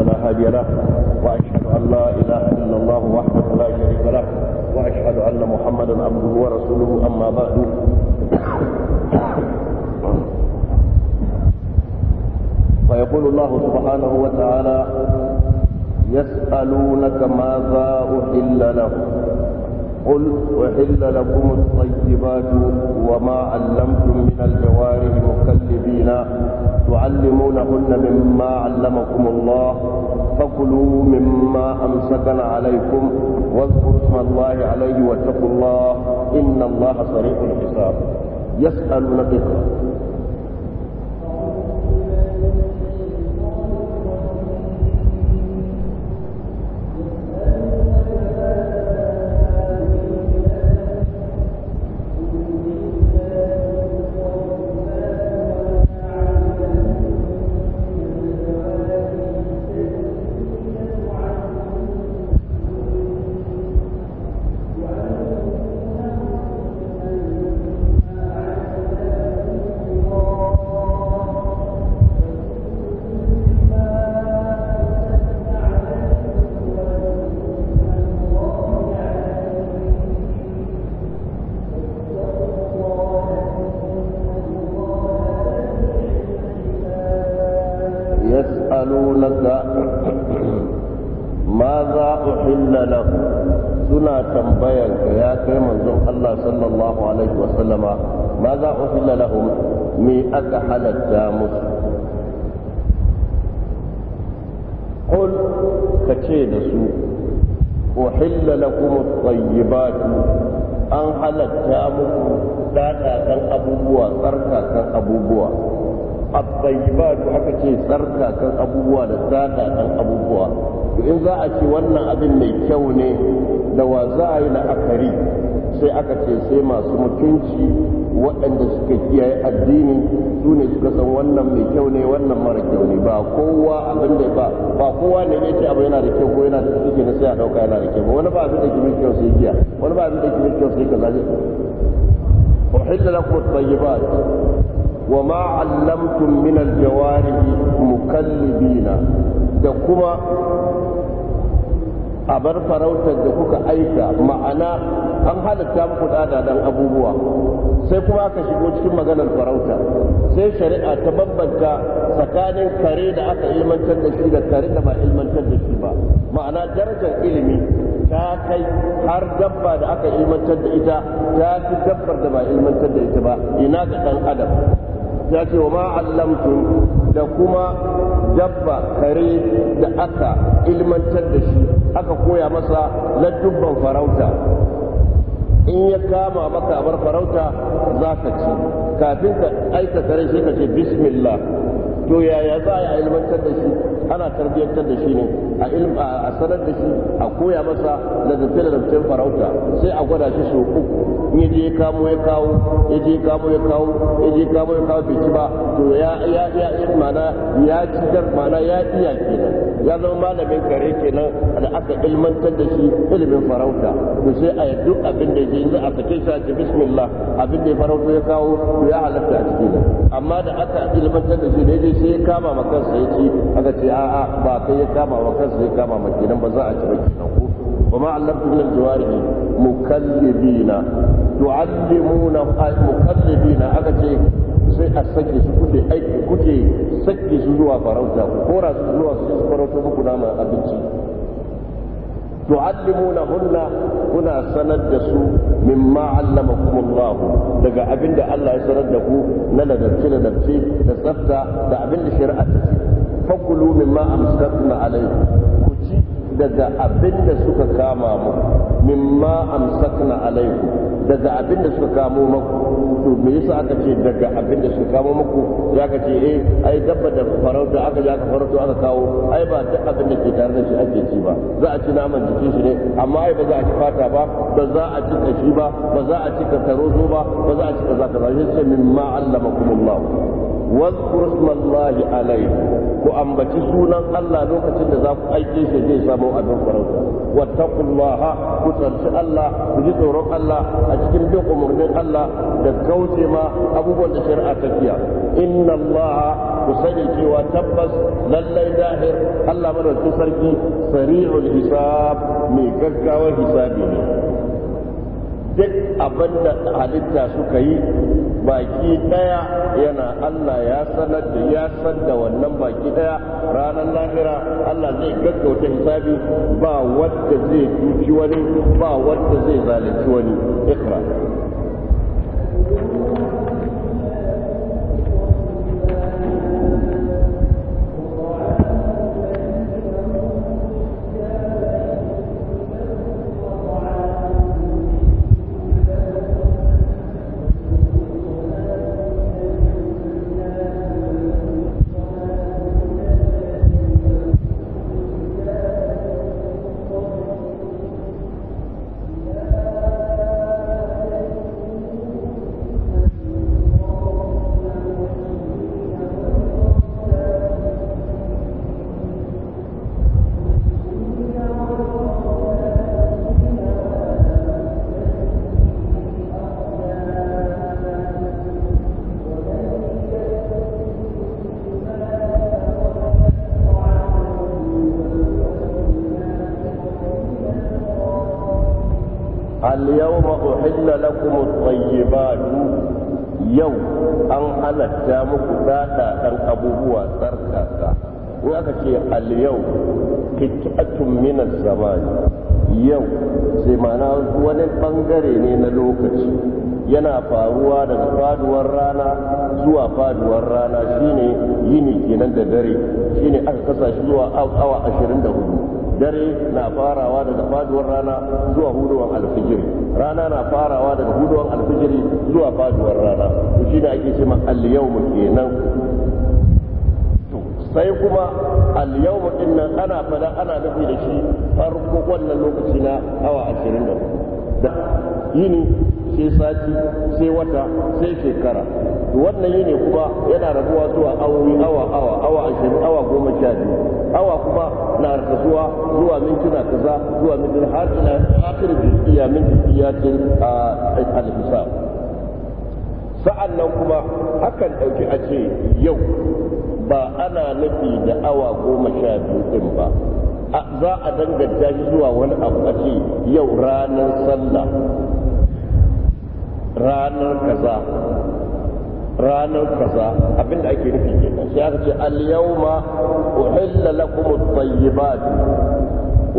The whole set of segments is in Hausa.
فلا هادي له واشهد ان لا اله الا الله وحده لا شريك له واشهد ان محمدا عبده ورسوله اما بعد فيقول الله سبحانه وتعالى يسالونك ماذا احل لهم قل أحل لكم الطيبات وما علمتم من الجوارح مكلبين تعلمونهن مما علمكم الله فكلوا مما أمسكن عليكم واذكروا اسم الله عليه واتقوا الله إن الله سريع الحساب يسألونك abubuwa at aka ce kan abubuwa da kan abubuwa to in za a ce wannan abin mai kyau ne da wa za a yi la'akari sai aka ce sai masu mutunci waɗanda suka kiyaye addini su ne suka san wannan mai kyau ne wannan mara kyau ne ba kowa abin da ba ba kowa ne ya ce abu yana da kyau ko yana da kyau na sai a ɗauka yana da kyau ba wani ba abin da ke mai kyau sai giya wani ba abin da ke mai kyau sai kaza ne uhilla lakum at-tayyibat وما علمتم من الجوارح مكلبين da kuma a bar farautar da kuka aika ma'ana an halatta muku dan abubuwa sai kuma aka shigo cikin maganar farauta sai shari'a ta bambanta tsakanin kare da aka ilmantar da shi da kare da ba ilmantar da shi ba ma'ana darajar ilimi ta kai har dabba da aka ilmantar da ita ta fi dabbar da ba ilmantar da ita ba ina ga dan adam ya ce wa ma da kuma dabba kare da aka ilmantar da shi aka koya masa na dubban farauta in ya kama maka abar farauta za ka ci kafin ka aika kare shi ka ce bismillah to yaya za a ilmantar da shi ana tarbiyyantar da shi ne a ilm a sanar da shi a koya masa da zafi da zafin farauta sai a gwada shi sau uku in ya je kamo ya kawo ya je kamo ya kawo ya je kamo ya kawo bai ci ba to ya ya ya mana ya ci mana ya iya kenan ya zama malamin kare kenan da aka ilmantar da shi ilimin farauta to sai a yaddu abin da yanzu a sake shi a ce bismillah abin da farauta ya kawo to ya halatta a ciki amma da aka ilmantar da shi daidai sai ya kama ma kansa ya ci aka ce a'a ba kai ya kama ma kansa ya kama ma kenan ba za a ci ba kenan ko وما علمتم من الجوارح مكلبين تعلمون aka ce. sai a sake su kuke aiki kuke sake su zuwa farauta ku kora su zuwa su farauta muku nama abinci na hunna kuna sanar da su mimma allamakumullah daga abin da Allah ya sanar da ku na ladabci da da tsafta da abin da shari'a ta ce fakulu mimma amsakna alaikum daga abin da suka kama mu mimma amsakna alaiku daga abin da suka kamo maku to me yasa aka ce daga abin da suka kamo maku ya ka ce eh ai dabba da farauta aka ja ka farauta aka kawo ai ba duk abin da ke tare da shi ake ci ba za a ci naman jikin shi ne amma ai ba za a ci fata ba ba za a ci kashi ba ba za a ci karozo ba ba za a ci kaza kaza shi ce mimma allamakumullah واذكر اسم الله عليه ku ambaci sunan Allah lokacin da za ku aike shi zai samu abin farauta wattaqullaha ku tsarci Allah ku ji tsoron Allah a cikin bin umarnin Allah da kauce ma abubuwan da shari'a ta kiya inna Allah ku sani cewa tabbas lallai dahir Allah madaukakin sarki sari'ul hisab mai gaggawar hisabi ne duk abin da halitta suka yi baki daya yana Allah ya sanar da ya san da wannan baki daya ranar lahira Allah zai gaggauta hisabi ba wanda zai duki wani ba wanda zai zalunci wani ikra uhilla lakum at yau an halatta muku dada dan abubuwa tsarkaka in aka ce al yau kittatun min az-zaman yau sai mana wani ɓangare ne na lokaci yana faruwa daga faduwar rana zuwa faduwar rana shine yini kenan da dare shine aka kasa shi zuwa awa hudu. dare na farawa daga faduwar rana zuwa huduwar alfijiri rana na farawa daga huduwar alfijiri zuwa faduwar rana to da ake cewa al-yawm kenan sai kuma al-yawm din nan ana fada ana nufi da shi farko wannan lokaci na awa 24 da yini sai sati sai wata sai shekara wannan yini kuma yana rabuwa zuwa awowi awa awa awa 20 awa 12 awa kuma na rasuwa zuwa mintuna kaza zuwa mintuna har ila akhir minti min juz'iyyatin al-hisab sa'an nan kuma hakan ɗauki a ce yau ba ana nufi da awa goma sha biyu ɗin ba za a danganta shi zuwa wani abu a ce yau ranar sallah ranar kaza ranar kaza abinda ake nufi kenan sai aka ce al-yawma uhilla lakum at-tayyibat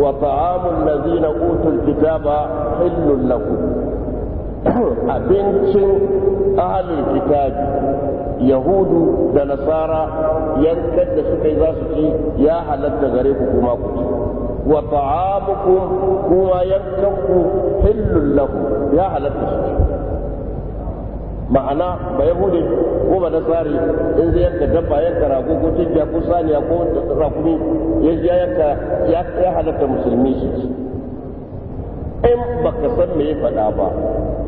wa ta'amu allazina utul kitaba hillun lakum abincin ahlul kitabi yahudu da nasara yankan da suka yi za su ci ya halatta gare ku kuma ku ci wa ta'amukum kuma yankan ku hillun lakum ya halatta su ci ma'ana ba yahude ko ba nasari in zai yanka dabba yanka rago ko tijja ko saniya ko rakumi ya ji yanka ya halatta musulmi shi in ba ka san me ya faɗa ba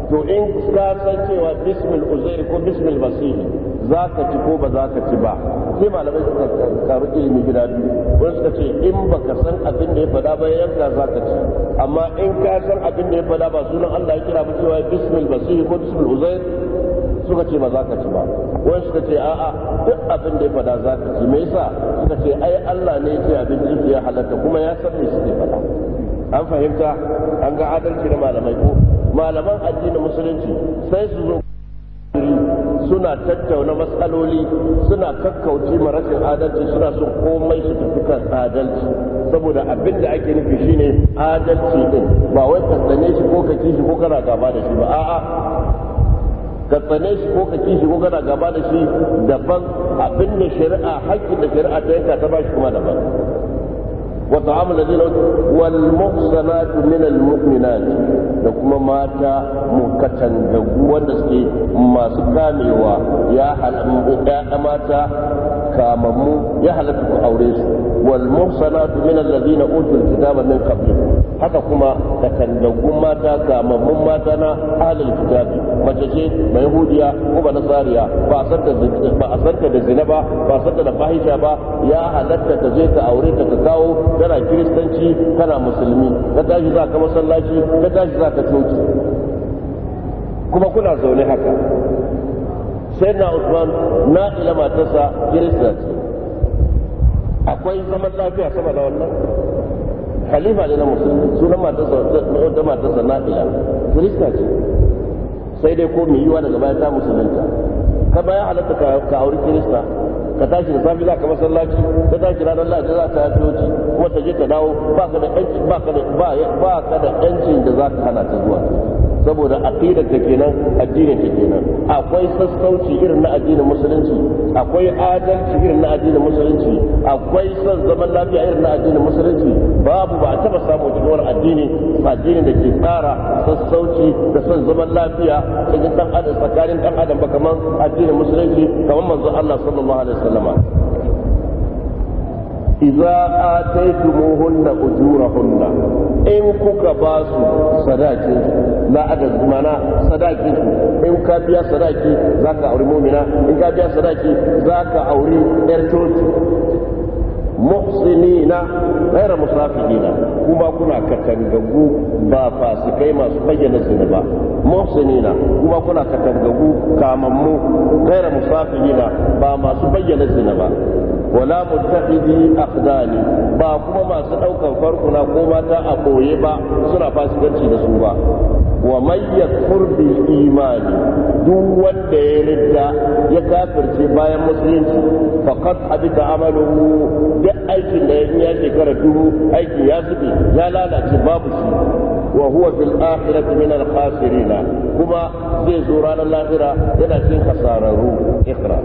to in ka san cewa bismil uzair ko bismil masih za ka ci ko ba za ka ci ba sai malamai suka karu ilimi gida biyu wani suka ce in ba ka san abin da ya faɗa ba yanka za ka ci amma in ka san abin da ya faɗa ba sunan Allah ya kira mu cewa bismil masih ko bismil uzair suka ce ba za ka ci ba wani suka ce a'a duk abin da ya fada za ka ci me yasa suka ce ai Allah ne ce abin da ya halatta kuma ya san me suke fada an fahimta an ga adalci da malamai ko malaman addinin musulunci sai su zo suna tattauna matsaloli suna kakkauci marasin adalci suna son komai su tafi kan adalci saboda abin da ake nufi shine adalci din ba wai ka tsane shi ko ka shi ko kana gaba da shi ba a'a ka tsane shi ko ka kishi ko kana gaba da shi daban abin da shari'a haƙƙin da shari'a ta yanka ta bashi kuma daban wa ta'amul ladina wal muhsanatu min al mu'minat da kuma mata mukatangagu wanda suke masu kamewa ya halatta mata kamammu ya halatta ku aure su wal muhsanatu min alladhina utul kitaba min qablikum haka kuma da kallaggun mata kamammun mata na ahlul kitabi mace ce mai hudiya ko ba nasariya ba a santa ba a da zina ba ba a santa da fahisha ba ya halatta ta je ta aure ta ta kawo tana kiristanci tana musulmi ka tashi za ka masallaci ka tashi za ka coci kuma kuna zaune haka sai na usman na ila matarsa kirista akwai zaman lafiya sama da wannan khalifa ne na musulmi sunan matarsa da matarsa na'ila kirista ce sai dai ko mai yiwa daga baya ta musulunta ka baya halatta ka auri kirista ka tashi da safi za ka masallaci ka tashi ranar lahadi za ka coci kuma ta je ta dawo ba ka da yancin da za ka hana ta zuwa saboda aqidar ta kenan addinin ta kenan akwai sassauci irin na addinin musulunci akwai adalci irin na addinin musulunci akwai son zaman lafiya irin na addinin musulunci babu ba a taba samu cikin addini addini da ke tsara sassauci da son zaman lafiya cikin dan adam tsakanin dan adam ba kamar addinin musulunci kamar manzon Allah sallallahu alaihi wasallama iza idza ataytumuhunna ujurahunna in kuka ba su sadakin la adad mana sadaki in ka biya sadaki zaka auri mu'mina in ka biya sadaki zaka auri yar coci muhsinina ghayra musafihina kuma kuna katangagu ba fasikai masu bayyana zina ba muhsinina kuma kuna katangagu kamammu ghayra musafihina ba masu bayyana zina ba wala muttaqidi aqdani ba kuma masu daukan farkuna ko mata a boye ba suna fasikanci da su ba wa man yakfur bil imani duk wanda ya ridda ya kafirce bayan musulunci faqad habita amalu da aikin da ya yi shekara dubu aiki ya zube ya lalace babu shi wa huwa fil akhirati min al khasirin kuma zai zo ranar lahira yana cikin kasararru ikra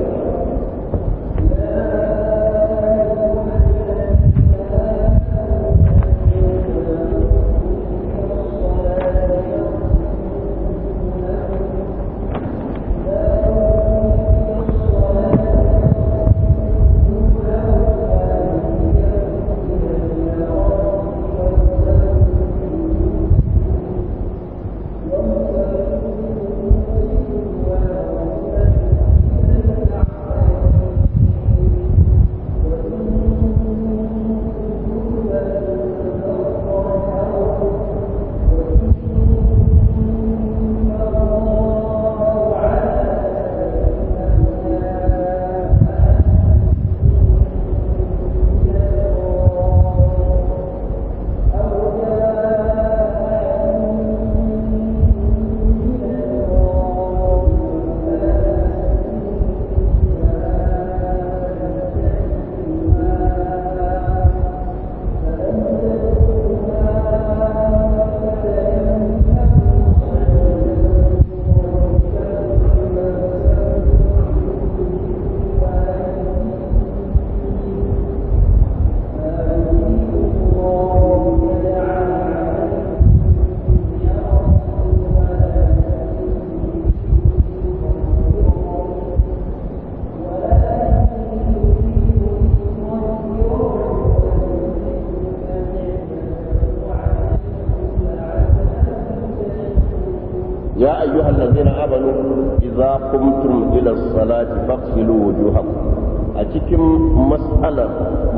cikin matsalar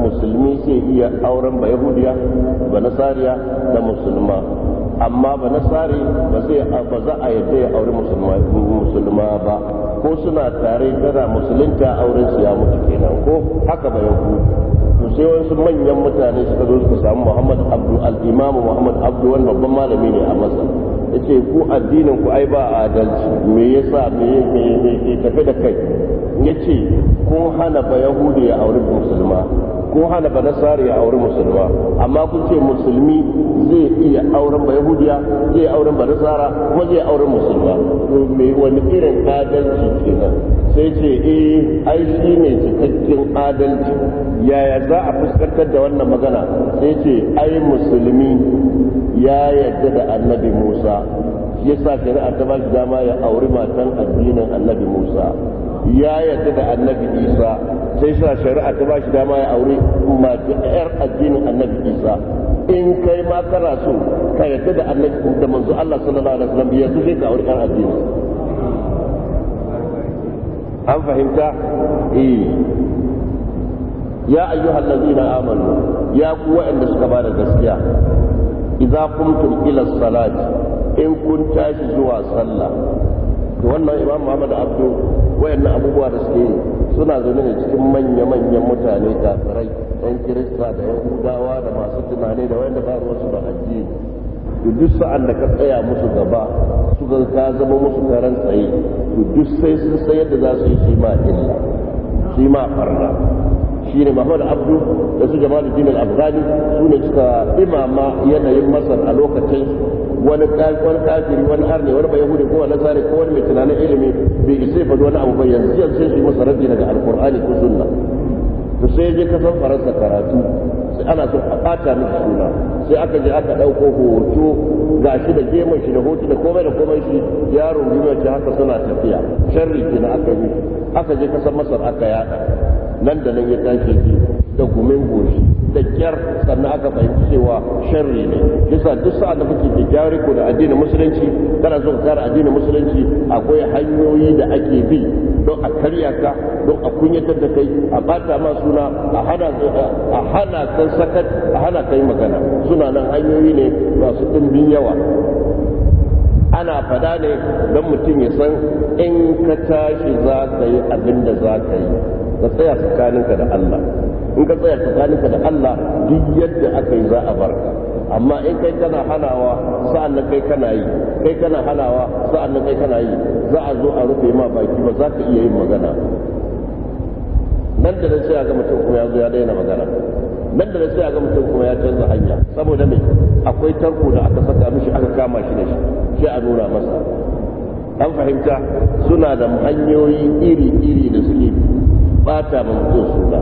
musulmi sai iya auren ba yahudiya ba nasariya da musulma amma ba nasari ba ba za a yadda ya auri musulma ba ko suna tare tana musulunta auren su ya mutu kenan ko haka ba yahudi ku sai wasu manyan mutane suka zo suka samu Muhammad abdu al Muhammad abdu wani babban malami ne a Masar ce ku addinin ku ai ba adalci me yasa me me me tafi da kai ya ce ko hana ba yahudu ya auri musulma ko hana ba nasari ya auri musulma amma kun ce musulmi zai iya auren ba yahudiya zai auren ba nasara kuma zai auren musulma to me wani irin adalci kenan sai ce eh ai shi ne cikakken adalci yaya za a fuskantar da wannan magana sai ce ai musulmi ya yadda da annabi musa ya sa shari'a ta ba shi dama ya auri matan addinin annabi musa ya yadda da annabi isa sai sa shari'a ta ba shi dama ya auri matan yar addinin annabi isa in kai ma kana so ka yadda da annabi da manzo Allah sallallahu alaihi wasallam yanzu sai ka auri kan addini an fahimta eh ya ayyuhallazina amanu ya ku wa'anda suka bada gaskiya idza qumtum ila salati in kun tashi zuwa sallah to wannan imam Muhammad Abdu wayanna abubuwa da suke suna zaune ne cikin manya manyan mutane kafirai dan kirista da yan da masu tunani da wayanda ba ruwansu da addini to duk sa'an da ka tsaya musu gaba su ga ka zama musu karan tsaye to duk sai sun sayar da za su yi shi ma illa shi ma farna shine Muhammad Abdu da su Jamaluddin al-Afghani su ne suka imama yanayin Masar a lokacin wani wani kafiri wani arne wani bayahudi ko wani zare ko wani mai tunanin ilimi bai isa fa wani abu ba yanzu yanzu sai shi masa rabbi daga alqur'ani ko sunna to sai je kasan faransa karatu sai ana so a bata miki suna sai aka je aka dauko hoto gashi da gemun shi da hoto da komai da komai shi yaro biyu ta haka suna tafiya sharri kina aka yi aka je kasan masar aka yada nan da nan ya tashi ji da gumin goshi da kyar sannan aka fahimci cewa sharri ne yasa duk sa'a da kake da gyari ko da addinin musulunci kana so ka kare addinin musulunci akwai hanyoyi da ake bi don a karya ka don a kunyatar da kai a bata ma suna a hana a hana kan sakat a hana kai magana suna nan hanyoyi ne masu ɗumbin yawa ana fada ne don mutum ya san in ka tashi za ka yi abin da za ka yi ka tsaya tsakaninka da Allah in ka tsaya tsakaninka da Allah duk yadda aka yi za a barka amma in kai kana hanawa sa'an nan kai kana yi kai kana hanawa sa'an nan kai kana yi za a zo a rufe ma baki ba za ka iya yin magana nan da nan sai a ga mutum kuma ya zo ya daina magana nan da nan sai a ga mutum kuma ya canza hanya saboda me akwai tarko da aka saka mishi aka kama shi da shi sai a nuna masa an fahimta suna da hanyoyi iri-iri da suke bata ba su ba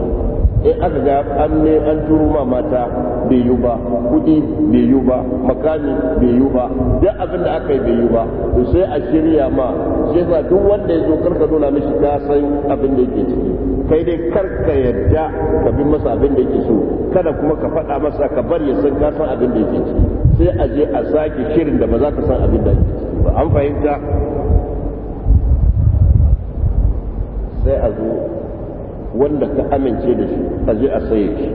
in aka ga an ne an turu ma mata bai yi ba kudi bai yi ba makami bai yi ba duk abin da aka yi bai yi ba to sai a shirya ma sai fa duk wanda ya zo karka nuna mishi ka san abin da yake ciki kai dai karka yadda ka bi masa abin da yake so kada kuma ka faɗa masa ka bar ya san ka san abin da yake ciki sai a je a sake shirin da ba za ka san abin da yake ciki ba an fahimta sai a zo wanda ka amince da shi a je a saye shi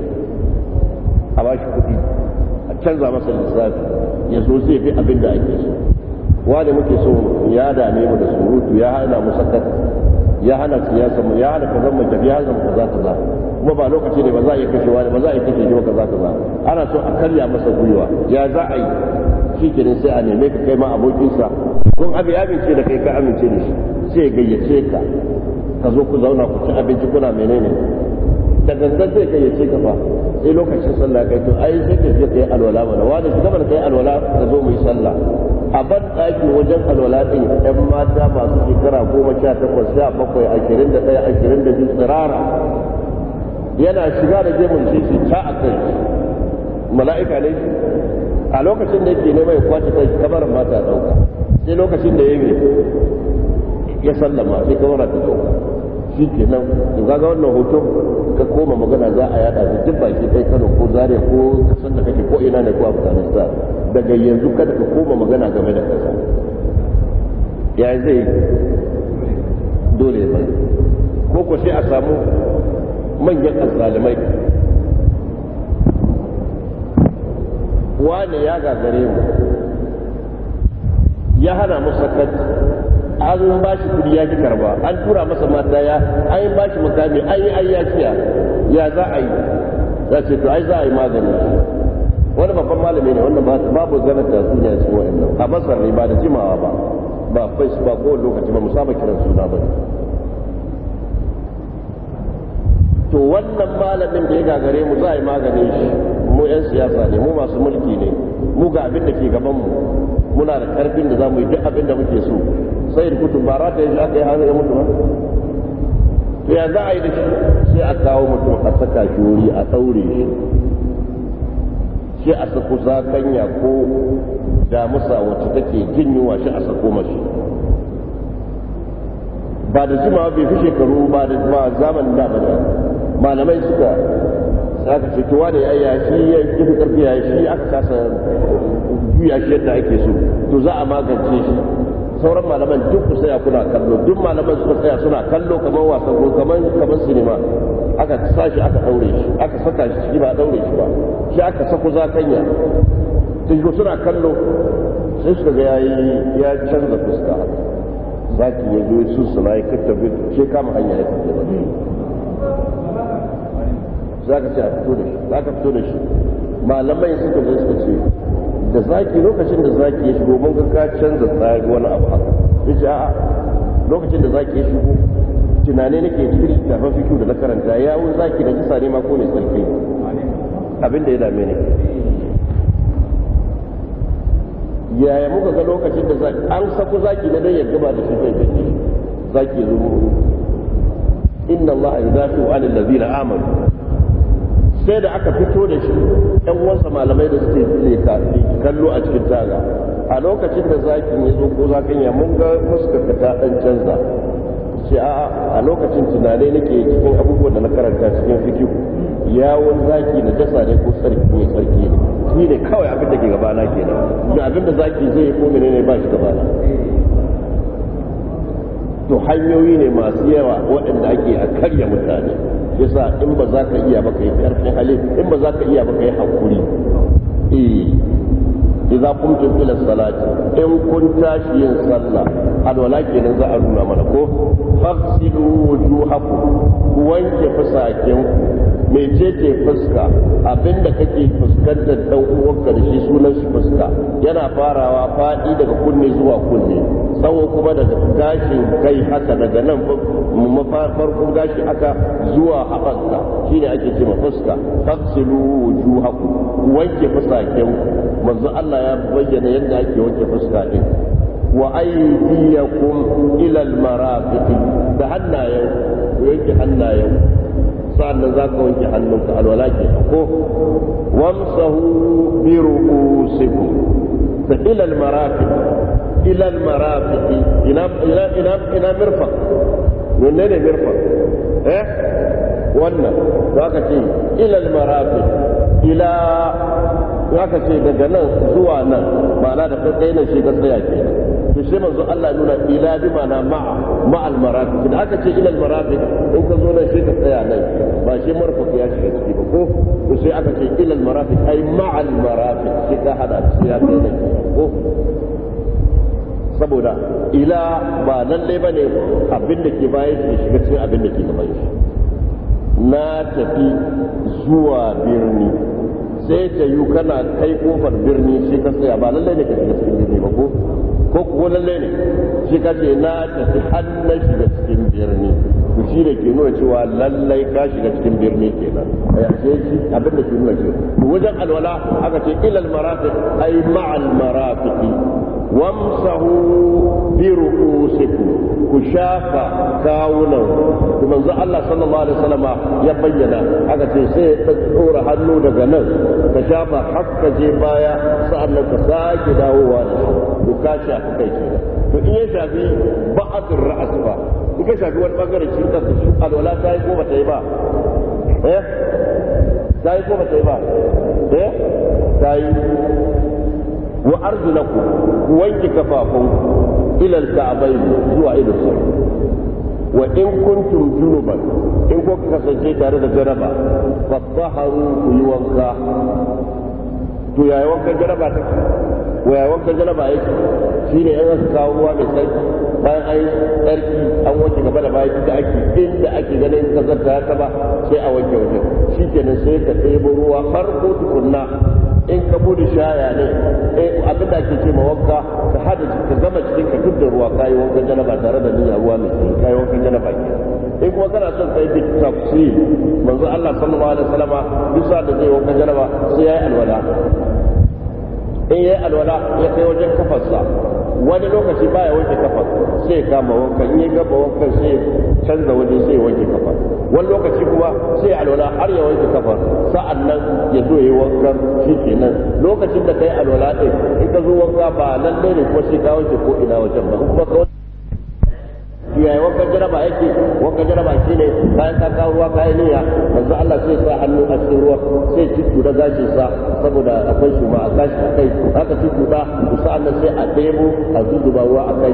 a ba shi kuɗi a canza masa lissafi ya zo zai fi abin da ake so wani muke so ya dame mu da surutu ya hana mu sakat ya hana siyasa mu ya hana kazan mu tafiya hana kaza kaza kuma ba lokaci ne ba za a yi kashe wani ba za a yi kashe jiwa kaza kaza ana so a karya masa gwiwa ya za a yi shi kenan sai a neme ka kai ma abokinsa kun abi amince da kai ka amince da shi sai gayyace ka ka zo ku zauna ku ci abinci kuna menene da gangan zai kai ya ce ka fa sai lokacin sallah kai to ai sai ka je kai alwala mana wani shi kamar kai alwala ka zo mu yi sallah a ban wajen alwala ɗin ɗan mata masu shekara goma sha takwas sha bakwai ashirin da ɗaya ashirin da biyu tsirara yana shiga da gemun shi shi ta a kai mala'ika ne a lokacin da yake neman ya kwace kai kamar mata ɗauka sai lokacin da ya yi ya sallama sai kamar ta ɗauka shi ke nan to kaga wannan hoto ka koma magana za a yada da duk baki kai kano ko zare ko kasan da kake ko ina ne ko afghanistan daga yanzu kada ka koma magana game da kasa ya zai dole ya ko ko sai a samu manyan azzalimai wane ya gagare mu ya hana mu sakat an ba shi kudi ya ki karba an tura masa mata ya an ba shi makami an yi ya kiya ya za a yi za ce to ai za a yi magani wani babban malami ne wanda babu ganin da su ne su nan a basar ne ba da jimawa ba ba fais ba ko lokaci ba musamma kiran suna ba to wannan malamin da ya gagare mu za a yi maganin shi mu 'yan siyasa ne mu masu mulki ne mu ga abin da ke gaban mu muna da karfin da zamu yi duk abin da muke so sai da kutun ba ta yanzu aka yi hannu ya mutu ba to ya za a yi da shi sai a kawo mutum a saka shi wuri a ɗaure shi shi a sako zakanya ko damusa wacce take jin wa shi a sako mashi ba da jimawa bai fi shekaru ba da zamanin da ba malamai suka za ce to wane ya ya shi ya fi karfi ya shi aka kasa juya shi yadda ake so to za a magance shi sauran malaman duk ku saya kuna kallo duk malaman suka tsaya suna kallo kamar wasan ko kamar kamar sinima aka sashi aka daure shi aka saka shi shi ba daure shi ba shi aka sako kanya sai ko suna kallo sai suka ga yayi ya canza fuska zaki ya zo sun suna ya kattabe shi kama hanya ya tafi za ka ce a fito da shi za ka fito da shi malamai suka zo suka ce da zaki lokacin da zaki ya shigo mun ga ka canza tsari wani abu haka yace a'a lokacin da zaki ya shigo tunane nake cikin littafin fikiyu da na karanta ya wun zaki da kisa ne ma ko ne sarki abin da ya dame ne yaya muka ga lokacin da zaki an sako zaki na dan ya gaba da shi kai zaki ya zo inna allaha yudafi'u 'anil ladina amanu sai da aka fito da shi ɗan wasa malamai da suke leka kallo a cikin taga a lokacin da zakin ya zo ko zakin ya mun ga ka ta ɗan canza sai a a lokacin tunanai nake cikin abubuwan da na karanta cikin fikihu yawon zaki na jasa ne ko tsarki ne sarki ne ni ne kawai abin da ke gabana kenan da abin da zaki zai ko ne ba shi gabana to hanyoyi ne masu yawa waɗanda ake a karya mutane yasa in ba za ka iya ba ka yi karfin hali in ba za ka iya ba ka yi hakuri eh idza kuntum ila salati in kun tashi yin sallah alwala kenan za a nuna mana ko fasilu wujuhakum ku wanke ku ce mecece fuska abinda kake fuskantar dan uwanka da shi sunan shi fuska yana farawa fadi daga kunne zuwa kunne tsawo kuma daga gashin kai haka daga nan farkon gashi haka zuwa shi ne ake ce ma fuska tafsilu wujuhakum wanke fusaken manzo Allah ya bayyana yadda ake wanke fuska din wa aydiyakum ila almarafiq da hannayen ku yanke hannayen sa'annan za ka wanke hannunka alwala ke ko wamsahu bi ru'usikum fa ila almarafiq إلى المرافق إلى إلى إلى إلى مرفق من أين مرفق؟ إيه؟ ولا وقتي إلى المرافق إلى وقتي بجنة زوانا ما لا دخل أين شيء قصدي أكيد تشي من زوال الله نقول إلى بما مع مع المرافق إذا أكتي إلى المرافق هو كذول شيء قصدي يعني. أنا ما شيء مرفق يا شيء قصدي بكوف وشيء أكتي إلى المرافق أي مع المرافق شيء هذا قصدي أكيد بكوف saboda ila ba lalle bane abin da ke bayan shi shiga cikin abin da ke gaban shi na tafi zuwa birni sai ta yi kana kai kofar birni shi ka tsaya ba lalle ne ka shiga cikin birni ba ko ko lalle ne shi ka ce na tafi hannun shiga cikin birni to shi da ke nuna cewa lallai ka shiga cikin birni kenan a yace shi abinda ke nuna ke wajen alwala aka ce ilal marafiq ay ma'al marafiqi wamsahu bi ru'usikum ku shafa kawunan ku manzo Allah sallallahu alaihi wasallama ya bayyana aka ce sai ya tsora hannu daga nan ka shafa hakka je baya sa'annan ka sake dawowa da ku ka shafa kai ke to in ya shafi ba'atul ra'as ba in ka shafi wani bangare cikin ka su alwala ta yi ko ba ta yi ba eh ta yi ko ba ta yi ba eh ta yi wa arzulaku ku wanke kafafunku ila al-ka'bayn zuwa idan wa in kuntum junuban in ko ka kasance tare da jaraba fa taharu ku to jaraba take waya wankan yake shine kawo ruwa mai tsarki bayan an yi an gaba da bayan da ake inda ake ganin kasar ta ba sai a wanke ka ruwa tukunna in wanka hada ka zama cikin ka duk da ruwa kayi wanka janaba tare da niyyar ruwa mai tsayi kayi wanka janaba ke in kuma kana son kai bi tafsir manzo Allah sallallahu alaihi wasallama duk sa da zai wanka janaba sai yayi alwala in yi alwala ya kai wajen kafarsa wani lokaci baya wanke kafar sai kama wankan in ya gaba wankan sai canza waje sai wanke kafar wani lokaci kuma sai alwala har ya wanke kafar sa'an nan ya zo yi wankan shi kenan lokacin da yi alwala ɗin in ka zo wanka ba lallai ne kuma sai ka wanke ko ina wajen ba kuma yaya wanka jaraba yake wanka jaraba shi ne bayan ka kawo ruwa kayan niyya manzo Allah sai sa hannu a cikin ruwa sai cikin da gashin sa saboda akwai shi shuma a gashi a kai haka cikin da sa'annan sai a debo a zuzuba ruwa a kai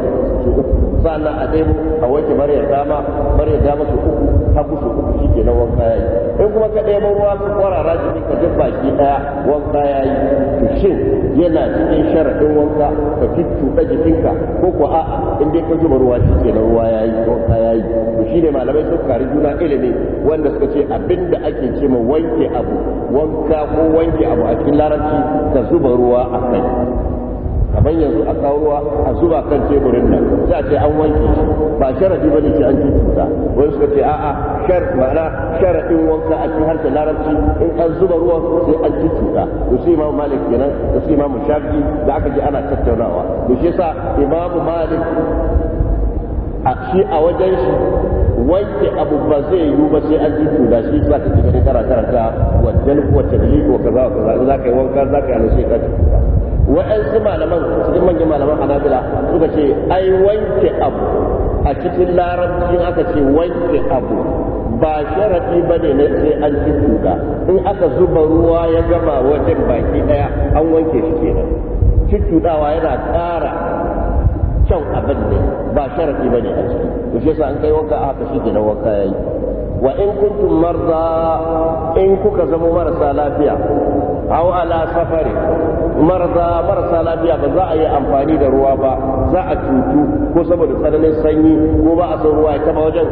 sa'annan a debo a wanke bariyar dama bariyar dama su uku hagu su uku ke nan wanka yayi in kuma ka ɗaya ruwa ka kwarara shi ka duk baki ɗaya wanka ya yi to shin yana cikin sharaɗin wanka ka tuttuɓe jikinka ko ko a in dai ka zuba ruwa shi kenan ruwa ya yi wanka ya yi to shi ne malamai sun kari juna ilimi wanda suka ce da ake ce ma wanke abu wanka ko wanke abu a cikin larabci ka zuba ruwa a kai kamar yanzu a kawowa a zuba kan teburin nan sai a ce an wanke shi ba sharadi ba ne sai an cuta wani suka ce a'a shar ma'ana sharadin wanka a cikin harshen larabci in an zuba ruwa sai an cuta to sai imamu malik kenan da sai imamu shafi da aka ji ana tattaunawa to shi yasa imamu malik a shi a wajen shi wanke abu ba zai yiwu ba sai an jitu da shi za ka ji gani kana karanta wa jalku wa tadliq wa kaza wa kaza za ka yi wanka za ka yi alushe ka cuta waɗansu malaman cikin manyan malaman hanabila suka ce ai wanke abu a cikin larabci aka ce wanke abu ba sharafi ba ne na sai an ci in aka zuba ruwa ya gama wajen baki daya an wanke shi nan cuccuɗawa yana ƙara kyau abin ne ba sharaɗi ba ne a ciki to an kai wanka aka shi na wanka ya yi. wa in kuntum marda in kuka zama marasa lafiya aw ala safari marza marasa lafiya ba za a yi amfani da ruwa ba za a cutu ko saboda tsananin sanyi ko ba a san ruwa ya taba wajen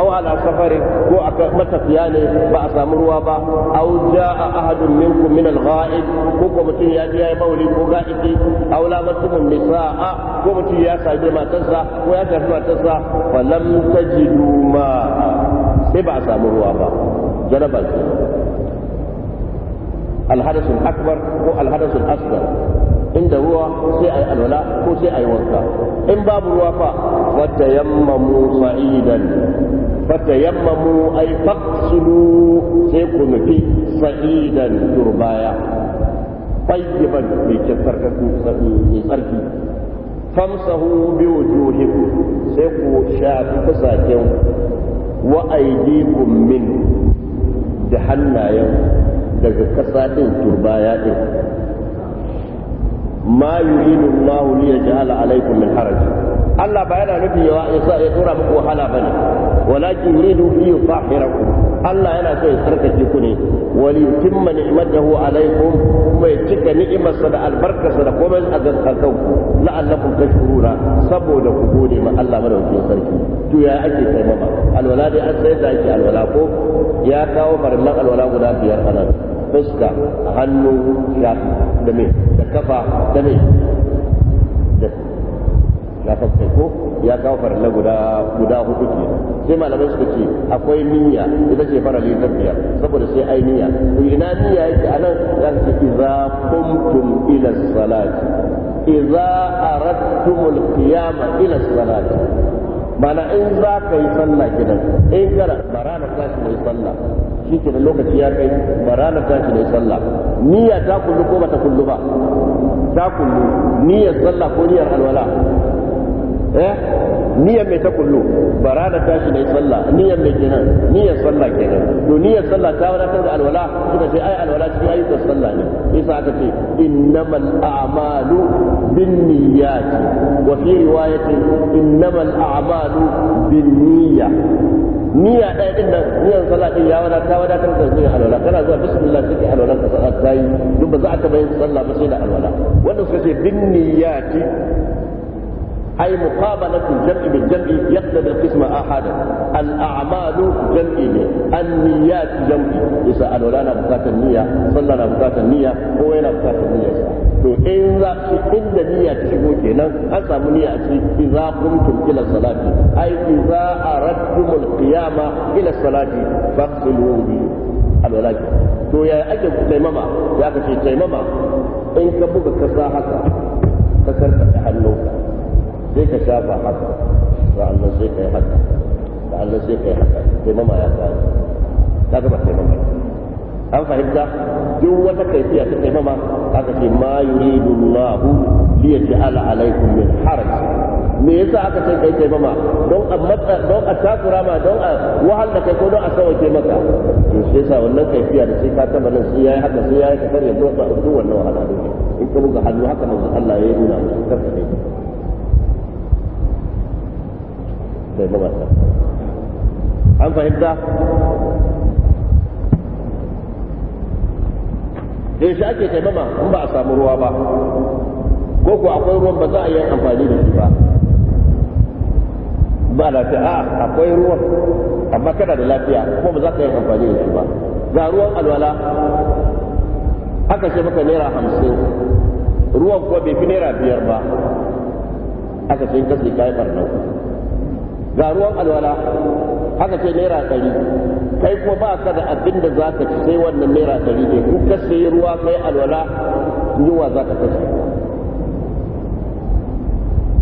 aw ala safari ko aka matafiya ne ba a samu ruwa ba aw jaa ahadun minkum min al-ghaib ko ko mutum ya je ya bauli ko gaidi aw la matumun nisaa ko mutum ya sabe matarsa ko ya tafi matarsa falam tajidu ma sai ba a samu ruwa ba janaba alhadasun akbar ko alhadasun asgar inda ruwa sai a yi alwala ko sai a yi wanka in babu ruwa fa wata yammamu sa'idan fata yammamu ai faksulu sai ku nufi sa'idan turbaya tayyiban mai sa'i mai tsarki famsahu bi wujuhikum sai ku shafi fusaken wa aydikum min da hannayen daga kasa din turbaya din ma yuridu Allah li yaj'ala alaykum min haraj Allah ba yana nufin yawa ya tsora muku wahala bane walakin yuridu fi yutahhirakum Allah yana so ya sarkace ku ne wali yutimma ni'matahu alaikum kuma ya cika sa da sa da komai a gankan la'allakum tashkuruna saboda ku gode ma Allah madaukakin sarki to ya ake ma alwala dai an sai da ake alwala ko ya kawo farillan alwala guda biyar anan fuska hannu da me da kafa da me ya faskai ko ya kawo na guda guda hudu ke sai malamai suka ce akwai niyya ita ce farali ta biyar saboda sai ai niyya to ina niyya yake anan za ka ce iza kuntum ila salati iza aradtum al-qiyama ila salati mana in za ka yi sallah gidan in kana barana shi mai sallah shi ke lokaci ya kai barana shi mai sallah niyya ta kullu ko bata kullu ba ta kullu niyyar sallah ko niyyar alwala niyan mai ta kullu ba rana tashi mai sallah niyan mai kenan niyan sallah kenan to niyan sallah ta wadatar da alwala suka ce ai alwala cikin ayyukan sallah ne yasa aka ce innamal a'malu binniyat wa fi riwayatin innamal a'malu binniyya niyya ɗaya din nan niyan sallah din ya wadatar ta wadatar da niyan alwala kana zuwa bismillah sai ka alwala ka sa'a tayi duk ba za a taɓa yin sallah ba sai da alwala wanda suka ce binniyati أي مقابلة الجمع بالجمع يقتضي القسم أحدا الأعمال جمع النيات جمع يسأل لنا بقاة النية صلى لنا بقاة النية هو إلى بقاة النية تو إن ذا إن النية تشبوكينا أسا منية إذا قمتم إلى الصلاة أي إذا أردتم القيام إلى الصلاة فاغسلوا به الولاد تو يا أجل تيماما يا أجل تيماما إن كبوك كساحة فكرت أحلوك sai ka shafa haka sa'annan sai ka yi haka sa'annan sai ka yi haka sai mama ya kare ta gaba sai mama an fahimta duk wata kaifiya ta sai mama aka ce ma yuridu Allahu li yaj'ala alaikum min haraj me yasa aka ce kai sai mama don a matsa don a takura ma don a wahal da kai ko don a sauke maka to sai sa wannan kaifiya da sai ka taba nan sai yayi haka sai yayi ka kare duk wannan wahala in ka buga hannu haka manzo Allah ya yi nuna musu kafa ne sai taimamarsa an fahimta da shi ake taimama in ba a samu ruwa ba ko ko akwai ruwan ba za a yi amfani da shi ba ba lafiya a akwai ruwan amma kana da lafiya ko ba za ka yi amfani da shi ba ga ruwan alwala aka ce maka naira hamsin ruwan kuwa bai fi naira biyar ba aka ce kasi kayan barnau ga ruwan alwala haka ce naira ɗari kai kuma ba ka da abin da za ka ci sai wannan naira ɗari ne ku ka sayi ruwa kai alwala yunwa za ka kashe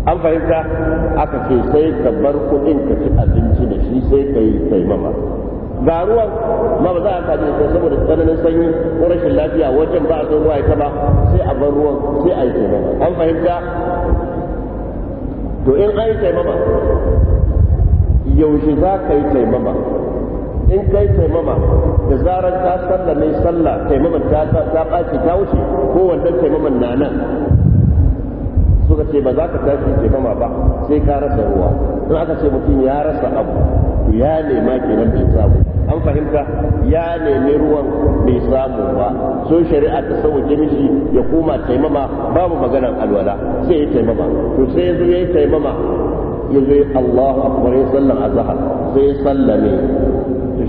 an fahimta aka ce sai ka bar kuɗin ka ci abinci da shi sai ka yi taimama ga ruwan ma ba za a kaji sai saboda tsananin sanyi ko rashin lafiya wajen ba a son ruwa ya ba sai a bar ruwan sai a yi taimama an fahimta to in an yi taimama yaushe za ka yi taimama in kai taimama da zarar ta sallame sallah taimaman ta ta ɓaci ta wuce ko wannan taimaman na nan suka ce ba za ka tashi taimama ba sai ka rasa ruwa in aka ce mutum ya rasa abu to ya nema kenan bai samu an fahimta ya nemi ruwan bai samu ba sun shari'a ta sauke mishi ya koma taimama babu maganar alwala sai ya taimama to sai ya zo ya taimama ya zo Allahu akbar ya sallan azhar sai sallame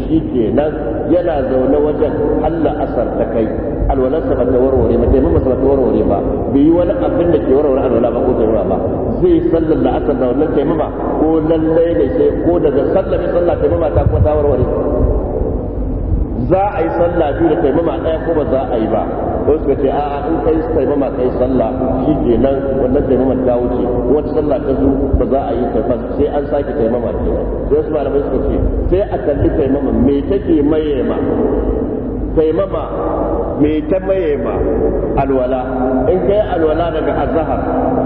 shi to nan yana zaune wajen Allah asar ta kai alwalarsa ba ta warware ba taimakon masa ba warware ba bi yi wani abin da ke warware alwala ba ko ta ba zai sallar da asar da wannan taimama ko lallai da sai ko daga sallar sallah taimama ta kuma ta warware za a yi sallah biyu da taimama ɗaya ko ba za a yi ba wasu suka ce a'a in kai taimama kai sallah shi ke nan wannan taimama ta wuce wata sallah ta zo ba za a yi taimama sai an sake taimama ke sai su malamai suka ce sai a kalli taimama me take maye ma taimama me ta maye ma alwala in kai alwala daga azhar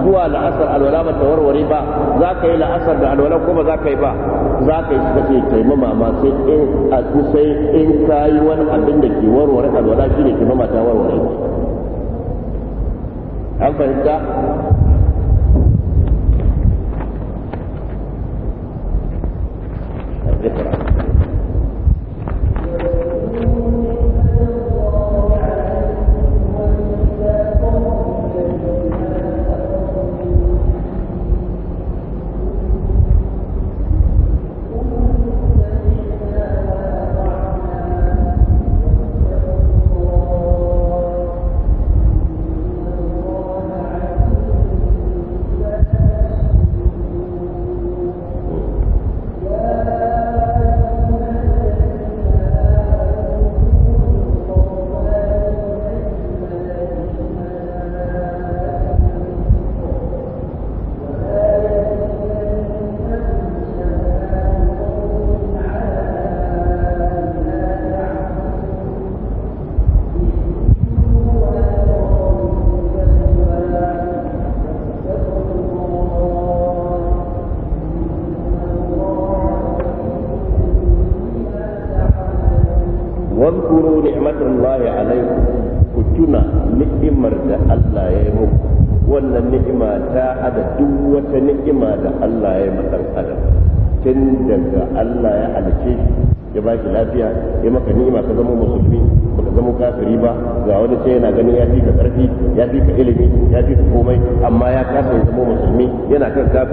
zuwa la'asar alwala ba ta warware ba za ka yi la'asar da alwala ko ba za ka yi ba za ka yi kace kai taimama ma sai in a sai in kai wani abin da ke warware alwala shi ne mama ta warware an fahimta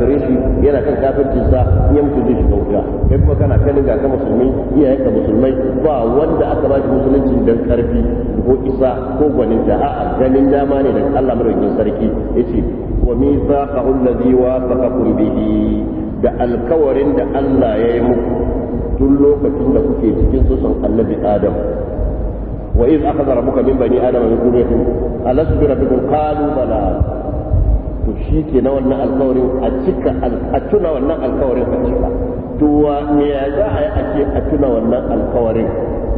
gare shi yana kan kafircin sa ya mutu zai shiga wuta kai kuma kana kanin ga ka musulmi iya ka musulmai ba wanda aka ba shi musulunci dan karfi ko isa ko gwanin gwaninta a'a ganin dama ne daga Allah madaukakin sarki yace wa mithaqahu alladhi waqaqakum bihi da alkawarin da Allah ya yi muku tun lokacin da kuke cikin susan annabi Adam wa iz akhadha rabbuka min bani adama min dhurriyyatihi alastu bi rabbikum qalu bala to shi ke na wannan alkawarin a cika a tuna wannan alkawarin a cika tuwa ne ya za a yi ce a tuna wannan alkawarin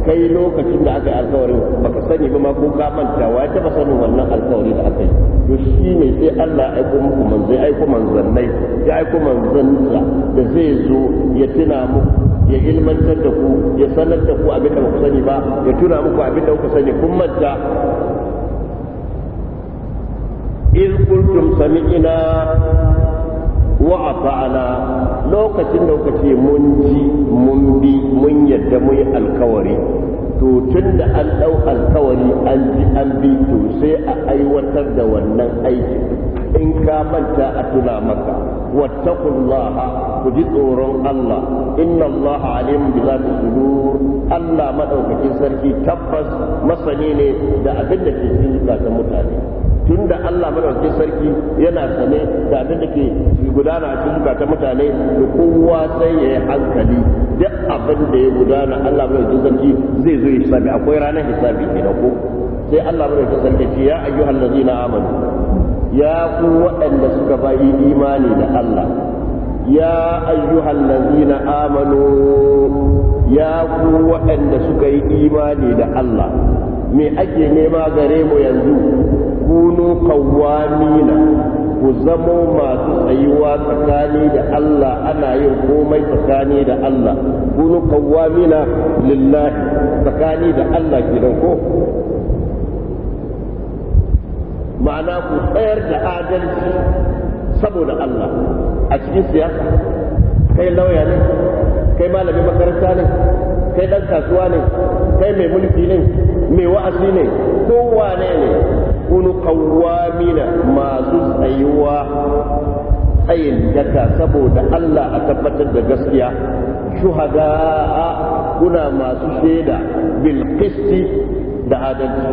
kai lokacin da aka yi alkawarin baka sani ba ma ko ka manta wa ta ba sanin wannan alkawari da aka yi to shi ne sai Allah ya aiko muku ya aiko manzannai ya aiko manzansa da zai zo ya tuna muku ya ilmantar da ku ya sanar da ku abin da ba ku sani ba ya tuna muku abin da ku sani kun manta iz kuntum sami'ina wa ata'ana lokacin da kuka ce mun ji mun bi mun yadda alkawari to tun da an ɗau alkawari an ji an bi to sai a aiwatar da wannan aiki in ka manta a tuna maka wattaqullaha ku ji tsoron Allah inna Allah alim bi sudur Allah madaukakin sarki tabbas masani ne da abin da ke cikin ta mutane tunda Allah madaukakin sarki yana sane da abin da ke gudana a cikin zukatan mutane da kowa sai ya yi hankali duk abin da ya gudana Allah madaukakin sarki zai zo ya hisabi akwai ranar hisabi kenan ko sai Allah madaukakin sarki ce ya ayyuhal ladina amanu ya ku waɗanda suka bayi imani da Allah ya ayyuhal ladina amanu ya ku waɗanda suka yi imani da Allah me ake nema gare mu yanzu kunu qawwamina ku zamo masu tsayuwa tsakani da Allah ana yin komai tsakani da Allah kunu qawwamina lillahi tsakani da Allah gidan ko ma'ana ku tsayar da adalci saboda Allah a cikin siyasa kai lauya ne kai malamin makaranta ne kai dan kasuwa ne kai mai mulki ne mai wa'azi ne kowa ne ne kunu qawwamina masu tsayuwa tsayin daka saboda Allah a tabbatar da gaskiya shuhada kuna masu shaida bil qisti da adalci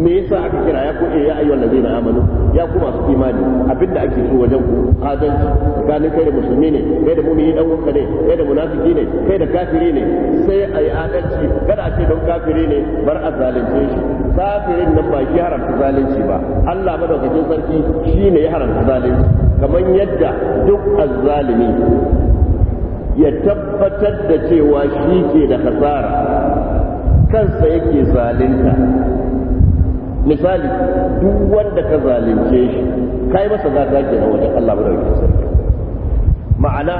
me yasa aka kira ya kuɗe eh, ya ayyuhal ladina amanu ya kuma su imani abinda ake so wajen ku adalci tsakanin kai da musulmi ne kai da mu'mini dan uwanka ne kai da munafiki ne kai da kafiri ne sai yi adalci kada a ce don kafiri ne bar a zalunce shi kafirin nan ba ki haramta zalunci ba Allah madaukakin sarki shine ya haramta zalunci kamar yadda duk azzalimi ya tabbatar da cewa shi ke da hazara kansa yake zalunta misali duk wanda ka zalunce shi kai masa gata ke na wajen Allah ba da sarki ma'ana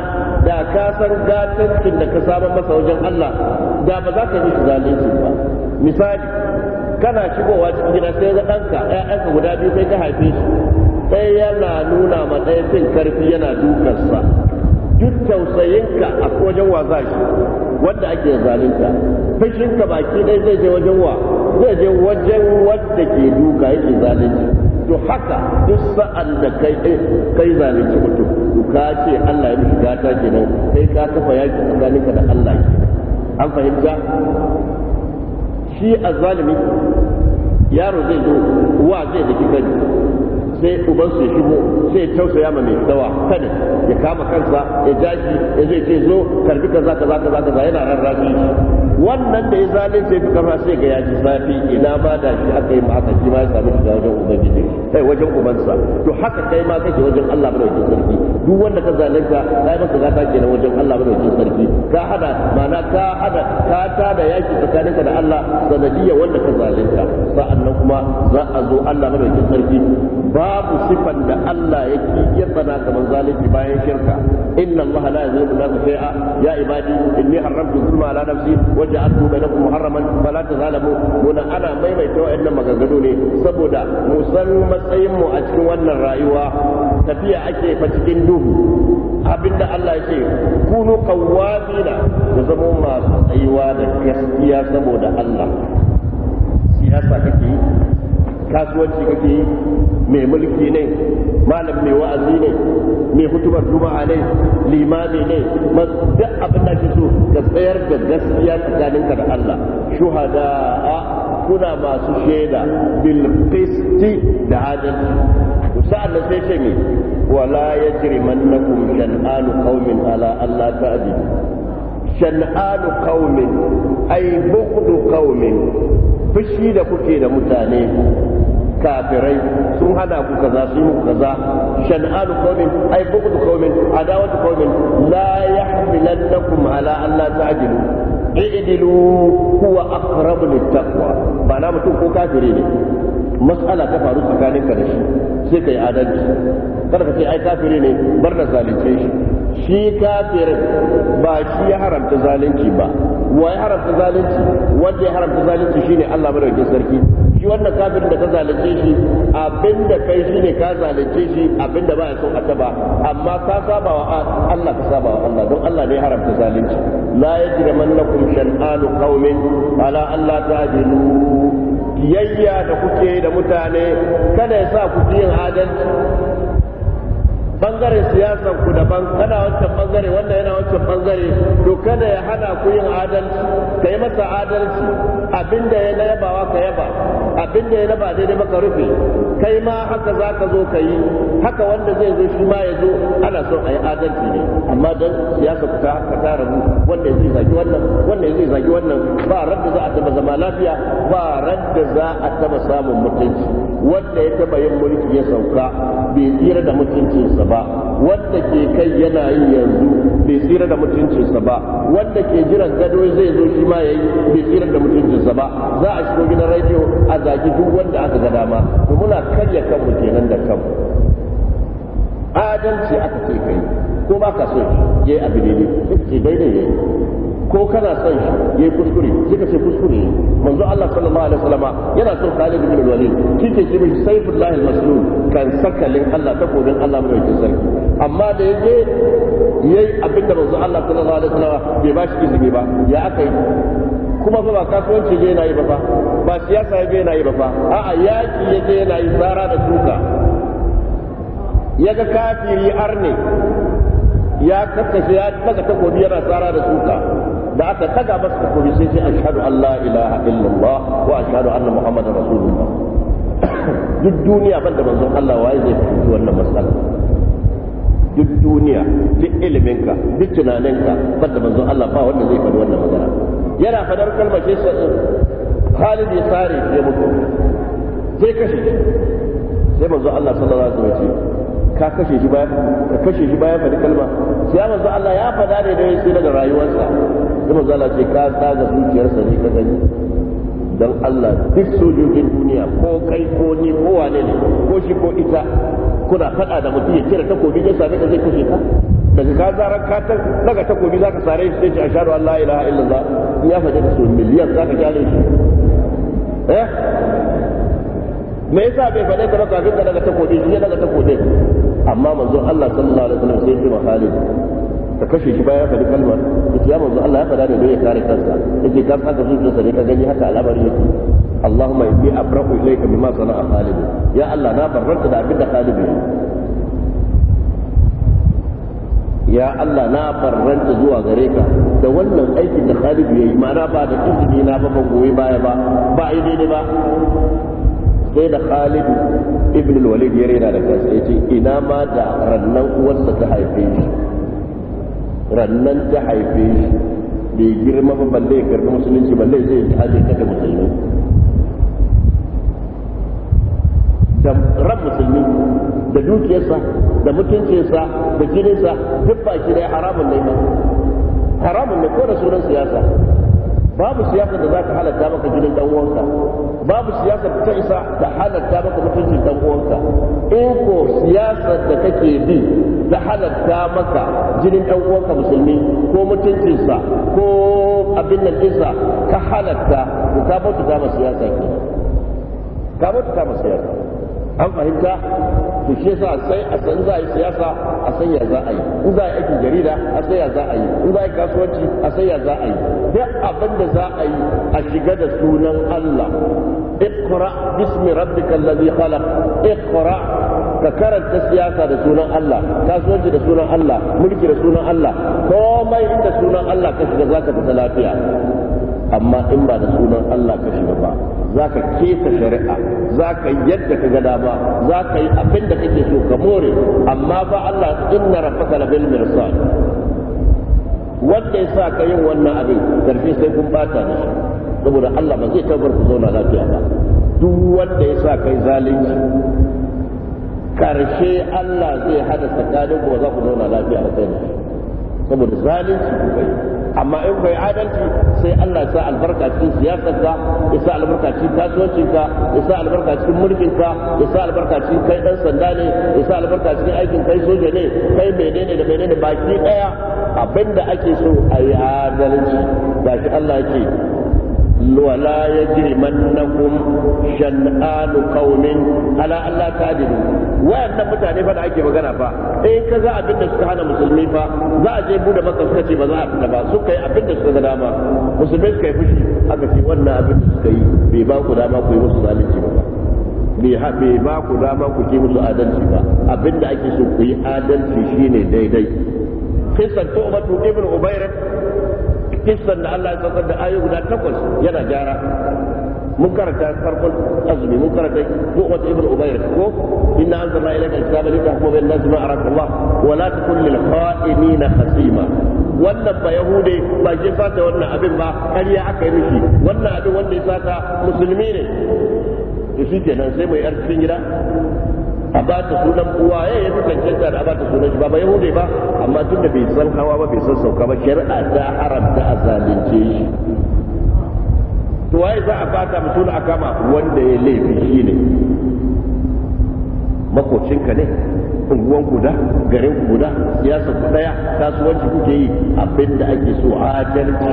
da ka san gatancin da ka saba masa wajen Allah da ba za ka yi shi zalunci ba misali kana shigowa cikin gida sai ga ɗanka ka guda biyu sai ka haife shi sai yana nuna ma ɗaya fin karfi yana dukansa duk tausayinka a wajen wa za wanda ake zalunta fishinka baki ɗaya zai je wajen wa zai je wajen wadda ke duka yake zalunci to haka duk sa'an da kai eh, kai zalunci mutum to ka ce Allah ya miki gata kenan kai ka kafa yaki tsakaninka da Allah ke an fahimta shi azzalimi yaro zai zo wa zai da kika sai ubansu ya shigo sai ya tausaya ma mai dawa kada ya kama kansa ya jashi ya zai ce zo karbi kaza kaza kaza kaza yana rarrafi wannan da ya sai fi kama sai ga yaji zafi ina ba da shi aka yi maka shi ma ya samu shiga wajen ubangiji kai wajen ubansa to haka kai ma kake wajen Allah wajen sarki duk wanda ka zalunta yi masa gata kenan wajen Allah wajen sarki ka hada mana ka hada ka tada yaki tsakaninka da Allah sanadiyya wanda ka zalunta sa'annan kuma za a zo Allah wajen sarki babu sifan da Allah ya ki kirkana kamar zalunci bayan shirka inna Allah la yuzlimu nafsa shay'a ya ibadi inni haramtu zulma ala nafsi wa ja'altu bainakum muharraman fala tazalamu muna ana maimaita wa'annan maganganu ne saboda mu san matsayin mu a cikin wannan rayuwa tafiya ake fa cikin duhu abinda Allah ya ce kunu qawwamina ku zama masu tsayuwa da gaskiya saboda Allah siyasa kake kasuwanci kake yi mai mulki ne malam mai wa'azi ne mai hutubar juma'a ne limami ne duk abin da so ka tsayar da gaskiya tsakaninka da Allah shuhada'a kuna masu shaida bil qisti da adalci sa'an da sai ce me wala yajrimannakum shan'anu qaumin ala Allah ta'dilu shan'anu qaumin ay bughdu qaumin fushi da kuke da mutane kafirai sun hana ku kaza sun yi kaza shan'anu adawatu la ala i'dilu ba na mutum ko kafiri ne ta faru tsakanin ka da shi sai adalci kada ka ce ai kafiri ne bar da zalunce shi shi kafirin ba shi ya haramta zalunci ba wa ya haramta zalunci wanda ya haramta zalunci shine Allah madaukakin sarki shi wannan kafin da ka zalunce shi abinda kai shi ne ka zalunce shi abinda ba ya so a taba amma ka saba wa Allah ka saba wa Allah don Allah ne ya haramta zalunci la lakum shan'anu qaumin ala alla ta'dilu kiyayya da kuke da mutane kada ya sa ku yin adalci bangaren siyasan ku daban kana wancan bangare wannan yana wancan bangare to kada ya hana ku yin adalci kai masa adalci abinda ya na yabawa ka yaba abinda ya dai daidai maka rufe kai ma haka za ka zo ka yi haka wanda zai zo shi ma ya zo ana son a yi adalci ne amma dan siyasa ku ta haka ta rabu wanda zai zagi wannan wanda zai zagi wannan ba radda za a taba zama lafiya ba radda za a taba samun mutunci wanda ya taba yin mulki ya sauka bai tsira da mutuncinsa ba wanda ke kai yana yi yanzu bai tsira da mutuncinsa ba wanda ke jiran gado zai zo shi ma yayi bai tsira da mutuncinsa ba za a shigo gidan rediyo a zaki duk wanda aka ga dama to muna karya kanmu kenan da kanmu adalci aka ce kai ko ba ka so yayi abu ne ce daidai yayi ko kana son shi yi kuskure suka ce kuskure manzo Allah sallallahu alaihi wasallama yana son Khalid bin Walid kike ce mishi sayfullahi al-maslul kan sakalin Allah takobin Allah mai sarki amma da yake yayi da manzo Allah sallallahu alaihi wasallama bai bashi izini ba ya aka yi kuma fa ba kasuwanci je yana yi ba fa ba siyasa ya yana yi ba fa a'a yaki ya je yana yi tsara da tuka ya ga kafiri arne ya kakkashe ya daga takobi yana tsara da suka da aka daga masa takobi sai sai ashhadu an la ilaha illallah wa ashhadu anna muhammadar rasulullah duk duniya ban da manzon Allah waye zai fahimci wannan matsala duk duniya duk iliminka duk tunaninka ban da manzon Allah ba wanda zai faɗi wannan magana yana fadar kalmar shi Khalid ya tsare ya mutu zai kashe shi sai manzo Allah sallallahu alaihi wasallam ka kashe shi bayan ka kashe shi bayan faɗi kalma sai manzo Allah ya faɗa ne da sai daga rayuwarsa sai zala ce ka tsaga zuciyarsa ne ka gani don Allah duk sojojin duniya ko kai ko ni ko wane ne ko shi ko ita kuna faɗa da mutum ya kira takobi ya same ka zai kashe ka daga ka zarar ka ta daga takobi za ka sare shi sai a sharu Allah ilaha illallah ya faɗi da su miliyan za ka kyale shi eh me yasa bai faɗe ka ba fi ka daga takobi shi ya daga takobi amma manzo Allah sallallahu alaihi wasallam sai ya ce wa Khalid ka kashe shi baya faɗi kalmar yace ya manzo Allah ya faɗa da don ya kare kansa yace ka saka zuciyarsa ne ka gani haka al'amari yake Allahumma inni abrahu ilayka mimma sana'a Khalid ya Allah na barranta da abinda da Khalid ya ya Allah na barranta zuwa gare ka da wannan aikin da Khalid ya yi mana ba da izini na ba ban goyi baya ba ba ai ne ba sai da Khalid ibn al-Walid ya rena da kansa yace ina ma da rannan uwarsa ta haife shi rannan ta haife shi bai girma ba balle ya karbi musulunci balle zai aje kada musulmi da ran musulmi da dukiyarsa da mutuncinsa da jininsa duk baki dai haramun ne haramun ne ko da sunan siyasa babu siyasa da za ta halatta maka gidan dan uwanka babu siyasa da ta isa da halatta maka mutuncin dan uwanka in ko siyasa da kake bi da halatta maka jinin dan uwanka musulmi ko mutuncinsa ko abin nan isa ka halatta ka bauta ta siyasa ke ka bauta ta siyasa an fahimta to shi yasa sai a san za a yi siyasa a san ya za a yi in za a yi aikin jarida a san ya za a yi in za a yi kasuwanci a san ya za a yi duk abin da za a yi a shiga da sunan Allah ka karanta siyasa da sunan Allah kasuwanci da sunan Allah mulki da sunan Allah komai sunan Allah ka shiga zaka fita lafiya amma in ba da sunan Allah ka shiga ba za ka keta shari'a za ka yadda ka gada ba za ka yi abin da kake so ka more amma ba Allah inna rabbaka labil mirsad wanda ya sa ka yin wannan abin karfi sai kun bata da shi saboda Allah ba zai tabbar ku zauna lafiya ba duk wanda ya sa kai zalunci karshe Allah zai hada tsakanin ku ba za ku zauna lafiya ba sai saboda zalunci ku bai amma in kai adalci sai Allah ya sa albarka cikin siyasar ka ya sa albarka cikin kasuwancin ka ya sa albarka cikin mulkin ka ya sa albarka cikin kai dan sanda ne ya sa albarka cikin aikin kai soja ne kai menene da menene baki daya abinda ake so a yi adalci gashi Allah yake wala na ولا يجرمنكم ala قوم ta ألا تعدلوا wayannan mutane fa da ake magana fa in ka ga abin da suka hana musulmi fa za a je bude maka suka ce ba za a fita ba suka yi abin da suka ga dama musulmi suka yi fushi aka ce wannan abin da suka yi bai ba ku dama ku yi musu zalunci ba bai ba ku dama ku ki musu adalci ba abin da ake so ku yi adalci shine daidai kisan tu'batu ibn ubayr kissan da Allah ya saukar da ayoyi guda takwas yana gyara mun karanta farkon azumi mun karanta mu'awat ibn ubayr ko inna anzalna ilayka kitaba litahkuma bayna an-nasi ma araka Allah wa la takun lil kha'inina khasima wannan ba yahude ba ke sata wannan abin ba ƙarya aka yi miki wannan abin wanda ya sata musulmi ne to shi kenan sai mu yi cikin gida a ba ta sunan uwa eh, ya yi sukan canza da a ba ta sunan shi ba ba hudu ba amma tun da bai san hawa ba bai san sauka ba shari'a ta haramta a zalunce shi to waye za a ba ta mutum a kama wanda ya laifi shi ne makocinka ne unguwan guda garin guda ya ku daya kasuwanci kuke yi abin da ake so adalci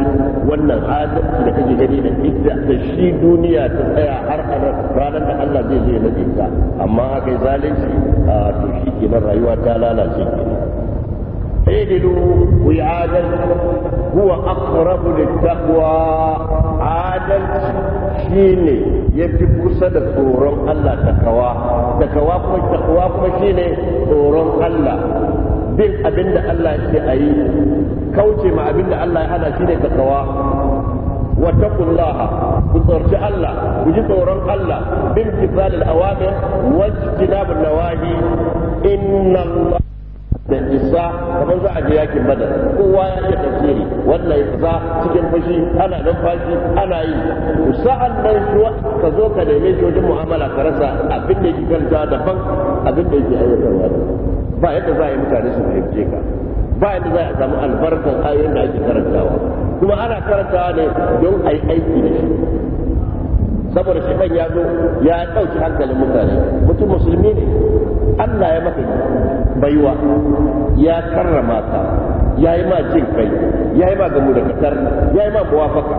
wannan adalci da kake gani da idda da shi duniya ta tsaya har a ranar da Allah zai zai ya nade ka amma haka zalunci a to shi kenan rayuwa ta lalace kenan ايه ويعادل هو اقرب للتقوى عادل شيني يبقى بوسة تورم الله تقوى تقوى كوي تقوى كوي شيني تورم الله دين ابن الله يشتئي كوتي مع ابن الله هذا شيني تقوى واتقوا الله بصرج الله وجي تورم الله بامتثال الاوامر واجتناب النواهي ان الله da isa kamar za a je yakin badar kowa ya iya tafsiri ya isa cikin fushi ana numfashi ana yi sa'an nan ka zo ka neme shi wajen mu'amala ka rasa abin da yake kanta daban abin da yake ayyukan ba yadda za a yi mutane su fahimce ka ba yadda za a samu albarkar ayoyin da ake karantawa kuma ana karantawa ne don a yi aiki da shi saboda shi ya zo ya ɗauki hankalin mutane mutum musulmi ne Allah ya maka baiwa ya karrama ka ya yi ma jin kai ya yi ma gamu da fitar ya yi ma muwafaka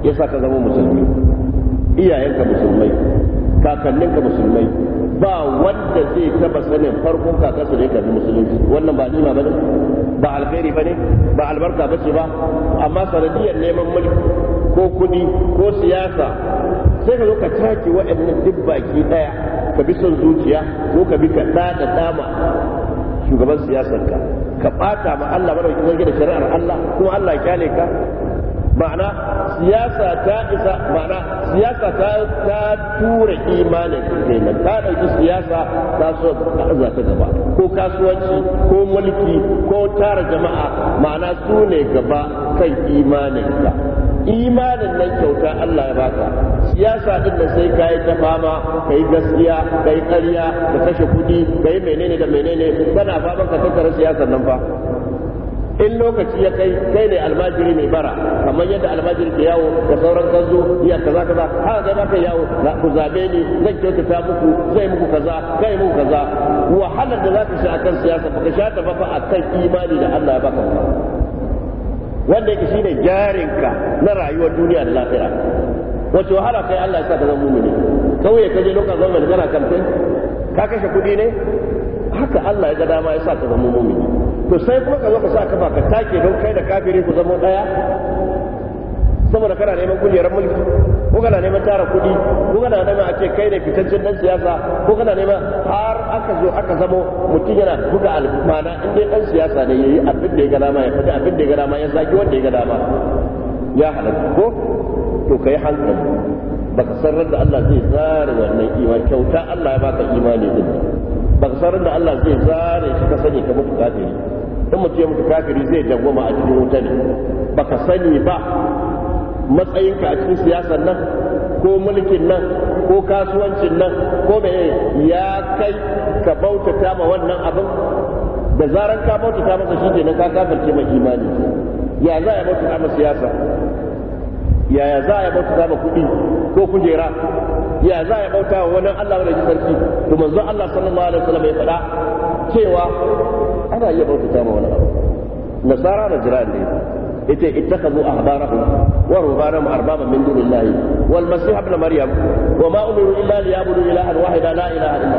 ya sa ka zama musulmi iyayenka musulmai kakanninka musulmai ba wanda zai taba sanin farkon kakansa da ya karbi musulunci wannan ba nima bane ba alkhairi bane ba albarka bace ba amma sanadiyar neman mulki ko kudi ko siyasa sai ka zo ka take wa'annan duk baki daya ka bi son zuciya ko ka bi ka da da dama shugaban siyasar ka ka bata ma Allah ki sarki da shari'ar Allah kuma Allah kyale ka ma'ana siyasa ta isa ma'ana siyasa ta ta tura imanin kenan ta dauki siyasa ta so ta ta gaba ko kasuwanci ko mulki ko tara jama'a ma'ana su ne gaba kan imanin ka imanin nan kyauta Allah ya baka siyasa din da sai kai ta fama kai gaskiya kai ƙarya ka kashe kudi kai menene da menene kana fama ka tattara siyasar nan fa in lokaci ya kai kai ne almajiri mai bara kamar yadda almajiri ke yawo da sauran kanzo iya kaza kaza haka kai ba kai yawo ku zabe ni zan kyautata muku zai muku kaza kai muku kaza wahalar da za ka sha akan siyasa baka sha ta ba fa akan imani da Allah ya baka wanda yake shine jarinka na rayuwar duniya da lafiya wace wahala kai Allah ya sa ka zama mumini kauye ka je lokacin da kana kamfen ka kashe kuɗi ne haka Allah ya ga dama ya sa ka zama mumini to sai kuma ka zo ka sa kafa ka take don kai da kafiri ku zama daya saboda kana neman kujerar mulki ko kana neman tara kuɗi ko kana neman a ce kai ne fitaccen dan siyasa ko kana neman har aka zo aka zamo mutum yana buga alfana in dai dan siyasa ne yayi abin da ya ga dama ya faɗi abin da ya ga dama ya zagi wanda ya ga dama ya halaka ko to kai hankali ba ka san da Allah zai zare wannan imani kyauta Allah ya baka imani din ka san da Allah zai zare shi ka sani ka mutu kafiri in mutum ya mutu kafiri zai dangwama a cikin wuta ne baka sani ba matsayinka a cikin siyasar nan ko mulkin nan ko kasuwancin nan ko me ya kai ka bautata ma wannan abin da zaran ka bautata masa shi kenan ka kafirce ma imani ya za ya bautata ma siyasa yaya za ya bautata ma kuɗi ko kujera ya za ya bauta wa wani Allah wanda ji sarki to manzo Allah sallallahu alaihi wasallam ya faɗa cewa ana iya bautata ma wani abu nasara da jira ne ita ittakhadhu ahbarahum wa rubanahum arbaban min dunillahi wal masih ibn maryam wa ma umiru illa liyabudu ilahan wahida la ilaha illa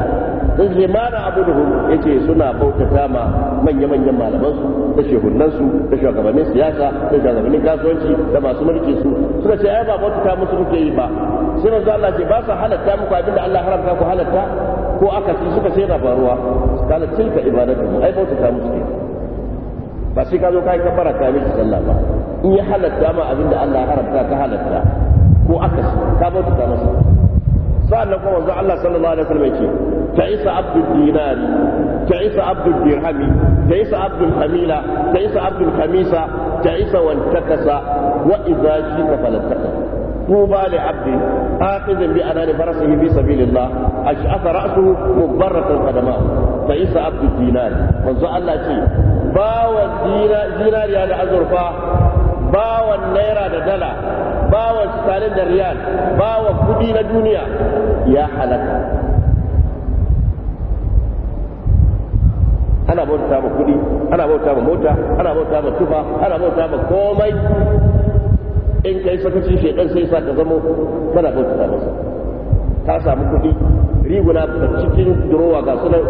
sun ce ma na abuduhum yace suna bautata ma manya manyan malaman su da shehunan su da shugabannin siyasa da shugabannin kasuwanci da masu mulki su suka ce ai ba bautata musu muke yi ba sai manzo Allah ce ba sa halatta muku abinda Allah haramta ku halatta ko aka ci suka sai da faruwa kana tilka ibadatu ai bautata musu ba sai ka zo kai kafara ka yi sallah ba in ya halatta ma abin da Allah ya haramta ka halatta ko aka akasi ka bauta ta masa sa'annan kuma manzo Allah sallallahu alaihi wasallam yake ta'isa abdul dinar ta'isa abdul dirham ta'isa abdul hamila ta'isa abdul khamisa ta'isa wal takasa wa idza shika falataka طوبى لعبد آخذ بأنان فرسه في سبيل الله أشعث رأسه مبرة قدماه فإيسى عبد الدينار منذ الله شيء bawan zinariya da azurfa bawan naira da dala bawan sitalin da riyal bawan kudi na duniya ya halaka ana bauta ma kudi ana bauta ma mota ana bauta ma tufa ana bauta ma komai in kai sakaci dan sai sa ka zamo kana bauta masa ta samu kudi riguna cikin durowa ga sunan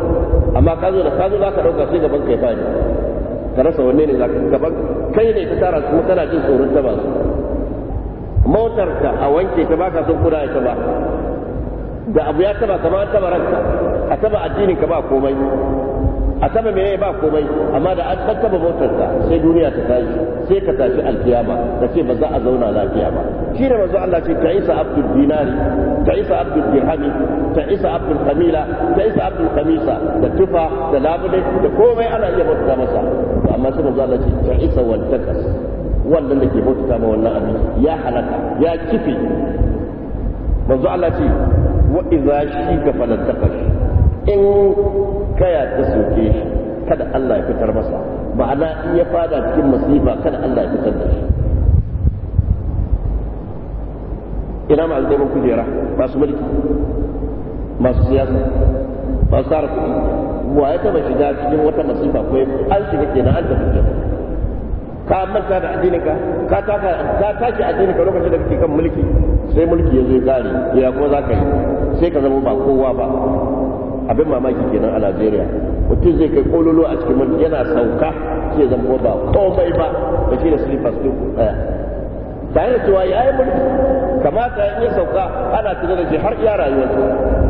amma ka zo da ka zo za ka ɗauka sai gaban kai fani ka rasa wanne ne zaka gaba kai ne ka tara su kana jin tsoron ta ba motar ka a wanke ta baka son kudaya ta ba da abu ya taba kamar an taba ranka a taba addinin ka ba komai a taba me ba komai amma da an tattaba motarsa sai duniya ta tashi sai ka tashi alkiyama da sai ba za a zauna lafiya ba shi da manzo Allah ce ta isa abdul dinari ta isa abdul dirhami ta isa abdul kamila ta isa abdul kamisa da tufa da labule da komai ana iya bauta masa to amma sai manzo Allah ce ta isa wal takas wannan da ke bauta ma wannan abin ya halaka ya kife manzo Allah ce wa iza shi ka falantaka shi in kaya ta soke shi kada Allah ya fitar masa ma'ana in ya fada cikin masifa kada Allah ya fitar da shi ina ma aljabar kujera masu mulki masu siyasa masu tsara kuɗi wa ya taba shiga cikin wata masifa ko an shiga kenan an tafi kenan ka manta da addininka ka taka ka tashi addininka lokacin da kake kan mulki sai mulki ya kare ya kuma za ka yi sai ka zama ba kowa ba abin mamaki kenan a Najeriya mutum zai kai kololo a cikin mulki yana sauka sai zama ba komai ba da shi da slippers duk daya tare da cewa ya yi mulki kamata ya sauka ana tunanin shi har iya rayuwarsa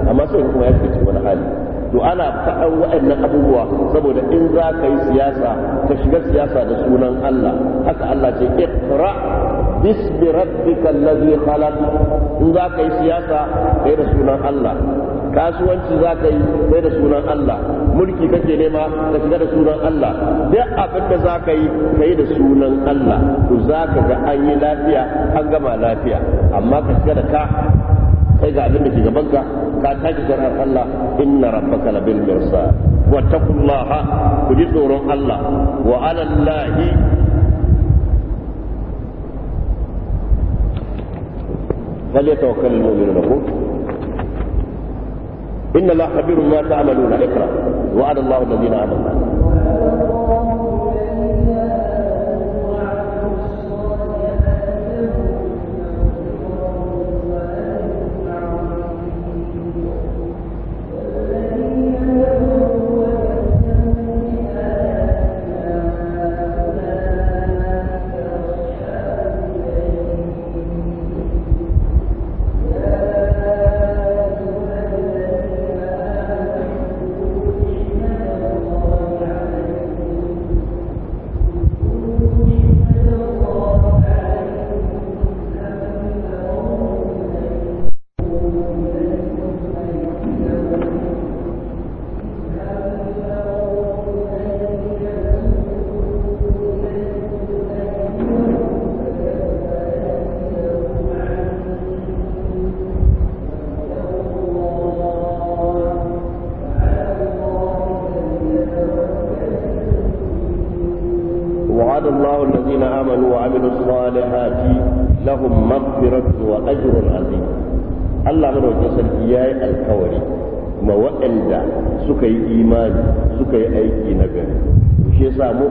amma sai kuma ya fi cikin wani hali to ana faɗan waɗannan abubuwa saboda in za ka yi siyasa ka shiga siyasa da sunan Allah haka Allah ce iqra bismi rabbika allazi khalaq in za ka yi siyasa kai da sunan Allah kasuwanci za ka yi kai da sunan Allah mulki kake nema ka shiga da sunan Allah duk abin da za ka yi kai da sunan Allah to za ka ga an yi lafiya an gama lafiya amma ka shiga da ka kai ga abin da ke gaban ka ka tashi shari'ar Allah inna rabbaka labil mirsad wa taqullaha ku ji tsoron Allah wa ala llahi فليتوكل inna la الله ma ta'maluna ikra wa ala llahi الذين آمنوا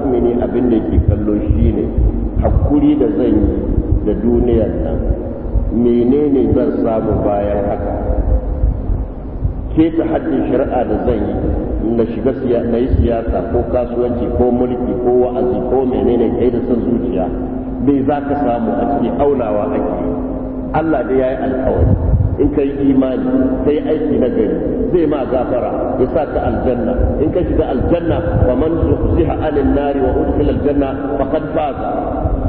mu'mini abin da ke kallo shine hakuri da zan yi da duniyar nan menene zan samu bayan haka Ke ta haddin shari'a da zan yi na shiga na yi siyasa ko kasuwanci ko mulki ko wa'azi ko menene kai da san zuciya bai za ka samu a cikin aunawa ake Allah dai ya yi alkawari in ka yi imani sai aiki na gari zai ma gafara ya sa ka aljanna in ka shiga aljanna wa man zuhziha anin nari wa udkhil aljanna faqad faza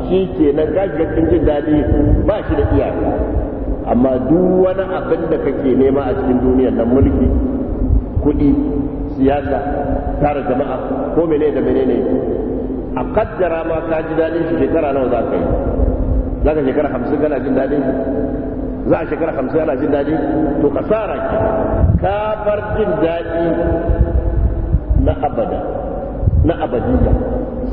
shi ke nan gajiya kin jin dadi ba shi da iyaka amma duk wani abin da kake nema a cikin duniyar nan mulki kuɗi siyasa tara jama'a ko menene da menene a kaddara ma ka ji dadin shi shekara nawa za ka yi za ka shekara 50 kana jin dadin shi za a shekara hamsin ana jin daɗi to kasara kafar jin daɗi na abada na abadiyya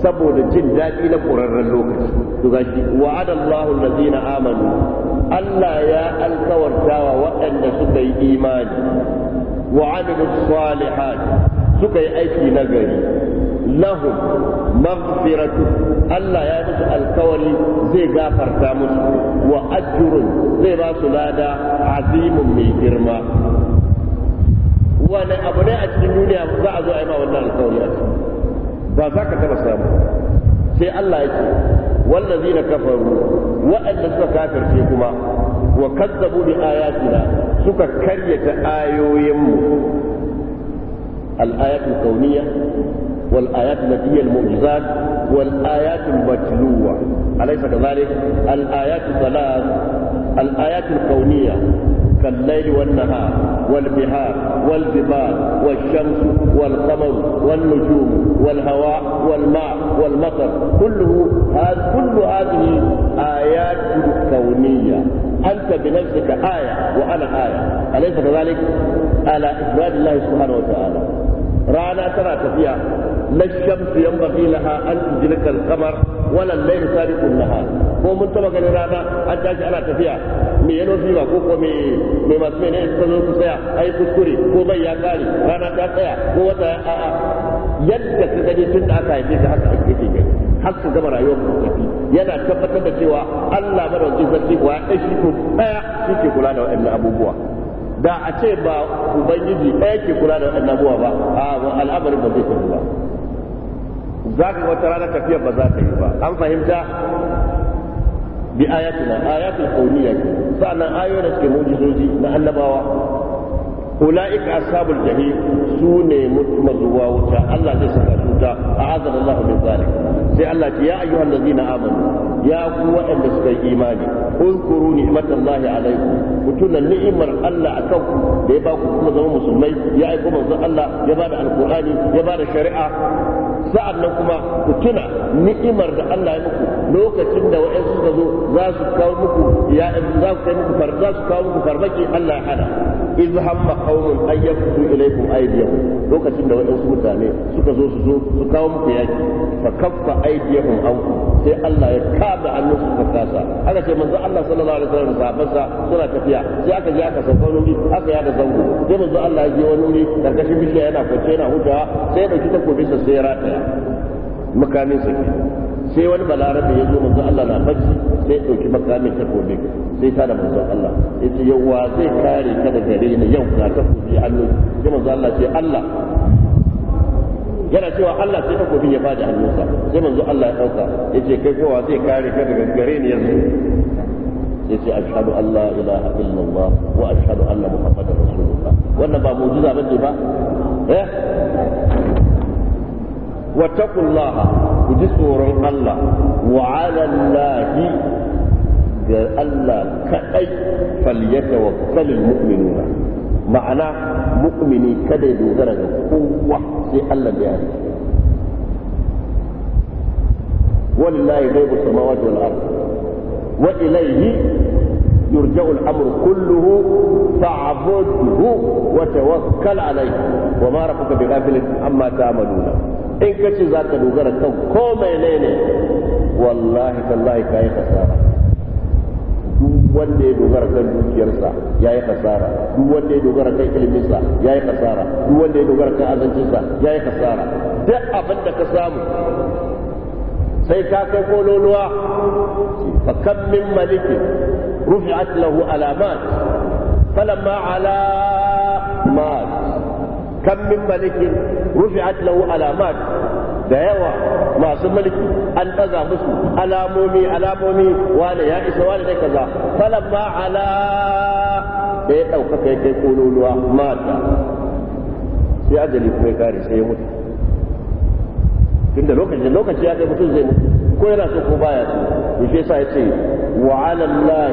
saboda jin daɗi na ƙurarren lokaci to gashi wa'ada Allahu allazina amanu Allah ya alkawartawa waɗanda suka yi imani wa amilu salihat suka yi aiki nagari lahum مغفرة ألا يا مس الكوالي زي غافر تامس وأجر زي باس لادا عظيم من جرما وانا أبناء الدنيا فزعزوا أيما وانا الكوالي فذاك كما سامو سي الله يسي والذين كفروا وأن نسوى كافر فيكما وكذبوا بآياتنا سكا كرية آيو يمو الآيات الكونية والآيات التي هي المعجزات والآيات المتلوة أليس كذلك الآيات الثلاث الآيات الكونية كالليل والنهار والبحار والجبال والشمس والقمر والنجوم والهواء والماء والمطر كله هذا كل هذه آيات كونية أنت بنفسك آية وأنا آية أليس كذلك؟ على إفراد الله سبحانه وتعالى رانا ترى فيها la shamsu yanbaghi laha an tudrika al-qamar wala al-layl sabiqu an-nahar ko mun taba ganin rana an tashi ana tafiya me yano ba ko ko me me masu mene suka zo tsaya ai kuskure ko bai ya kare rana ta tsaya ko wata a'a yadda ka gani tun da aka haife ka haka ake gani har su gama rayuwar mutafi yana tabbatar da cewa Allah madaukakin sarki kuwa ya shi ko daya shi ke kula da waɗannan abubuwa da a ce ba ubangiji daya ke kula da waɗannan abubuwa ba a al'amarin ba zai tafi ba za ka wata rana tafiya ba za ta yi ba an fahimta bi ayatina ayatul kauniyya sa'annan ayoyin da suke mujizoji na annabawa ulaika ashabul jahim su ne mazuwa wuta Allah zai saka su ta a'azana Allah min zalik sai Allah ya ayyuhal ladzina amanu ya ku waɗanda suka yi imani uzkuru ni'matallahi alaikum ku tuna ni'imar Allah akan ku da ya ba ku kuma zama musulmai ya aiko manzon Allah ya ba da alqur'ani ya ba da shari'a nan kuma ku tuna ni'imar da Allah ya muku lokacin da wayansu suka zo za su kawo muku ya za za su kawo muku farmaki Allah ya hana iz hamma qaumun ay yaftu ilaykum aydiyahum lokacin da wadansu mutane suka zo su zo su kawo muku yaki fa kaffa aydiyahum anku sai Allah ya kada hannun su ka kasa aka ce manzo Allah sallallahu alaihi wasallam sahabbansa suna tafiya sai aka je aka sauko wani aka yada zango sai manzo Allah ya je wani wuri karkashin bishiya yana kwance yana hutawa sai ya dauki sa sai ya rataya makamin sa sai wani balarar da ya zo manzo Allah na bacci sai ya dauki makamin takobi sai ta da manzo Allah yace yawa zai kare ka daga gare ni yau ka ta takobi hannu sai manzo Allah ce Allah yana cewa Allah sai takobin ya fada hannunsa sai manzo Allah ya dauka yace kai kowa zai kare ka daga gare ni yanzu yace ashhadu an la ilaha illallah wa ashhadu anna muhammadar rasulullah wannan ba mu'jiza bane ba eh واتقوا الله وجسور الله وعلى الله الله كأي فليتوكل المؤمنون معنى مؤمني كده درجة قوة في الله يعني ولله غيب السماوات والأرض وإليه يرجع الأمر كله فاعبده وتوكل عليه وما ربك بغافل عما تعملون in ka ce za ka dogara kan ko ne wallahi tallahi ka yi kasara duk wanda ya dogara kan dukiyarsa ya yi kasara duk wanda ya dogara kan ilminsa ya yi kasara duk wanda ya dogara kan azancinsa ya yi kasara duk abin da ka samu sai ka kai kololuwa fa kam min maliki rufi'at lahu alamat falamma ala mat kan min malikin rufi'at lahu alamat da yawa masu mulki an ɗaga musu alamomi alamomi wani ya isa wani da kaza falamma ala sai ajali kuma ya kare sai mutu tunda lokaci lokaci ya kai mutum zai mutu ko yana so ko baya so yake sa ya wa ala ala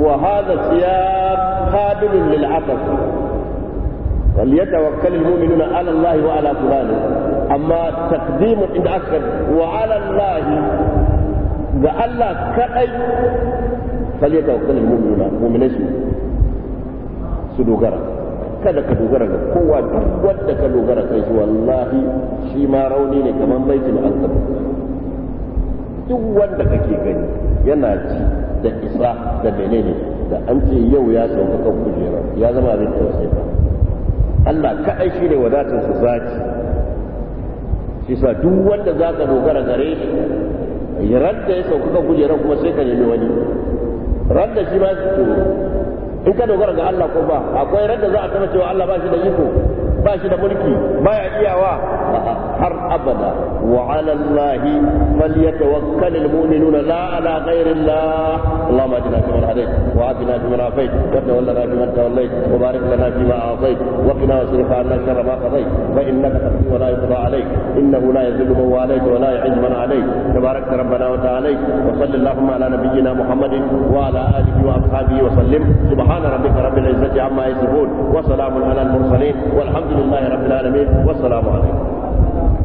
وهذا الثياب قابل للعطف وليتوكل المؤمنون على الله وعلى قرانه اما تقديم عند اسكت وعلى الله ده كأي فليتوكل المؤمنون مؤمن اسمه dogara kada ka dogara ga kowa duk wanda ka dogara kai shi wallahi shi ma rauni ne kamar baitul duk wanda kake gani yana ci da isa da menene da an ce yau ya sauka kan kujera ya zama abin da sai ba Allah kaɗai shi ne wadatar su zaci shi sa duk wanda za ka dogara gare shi radda ya sauka kan kujera kuma sai ka nemi wani radda shi ma in ka dogara ga Allah ko ba akwai radda za a taba cewa Allah ba shi da iko ba shi da mulki baya iyawa har abada wa ala Allah falyatawakkal almu'minun la ala ghayri Allah اللهم اجعلنا فيمن هديت وعافنا فيمن عافيت وتولنا فيمن توليت وبارك لنا فيما اعطيت وقنا واصرف عنا شر ما قضيت فانك تقضي ولا يقضى عليك انه لا يذل من واليت ولا يعز من عليك تبارك ربنا وتعالى وصل اللهم على نبينا محمد وعلى اله واصحابه وسلم سبحان ربك رب العزه عما يصفون وسلام على المرسلين والحمد لله رب العالمين والسلام عليكم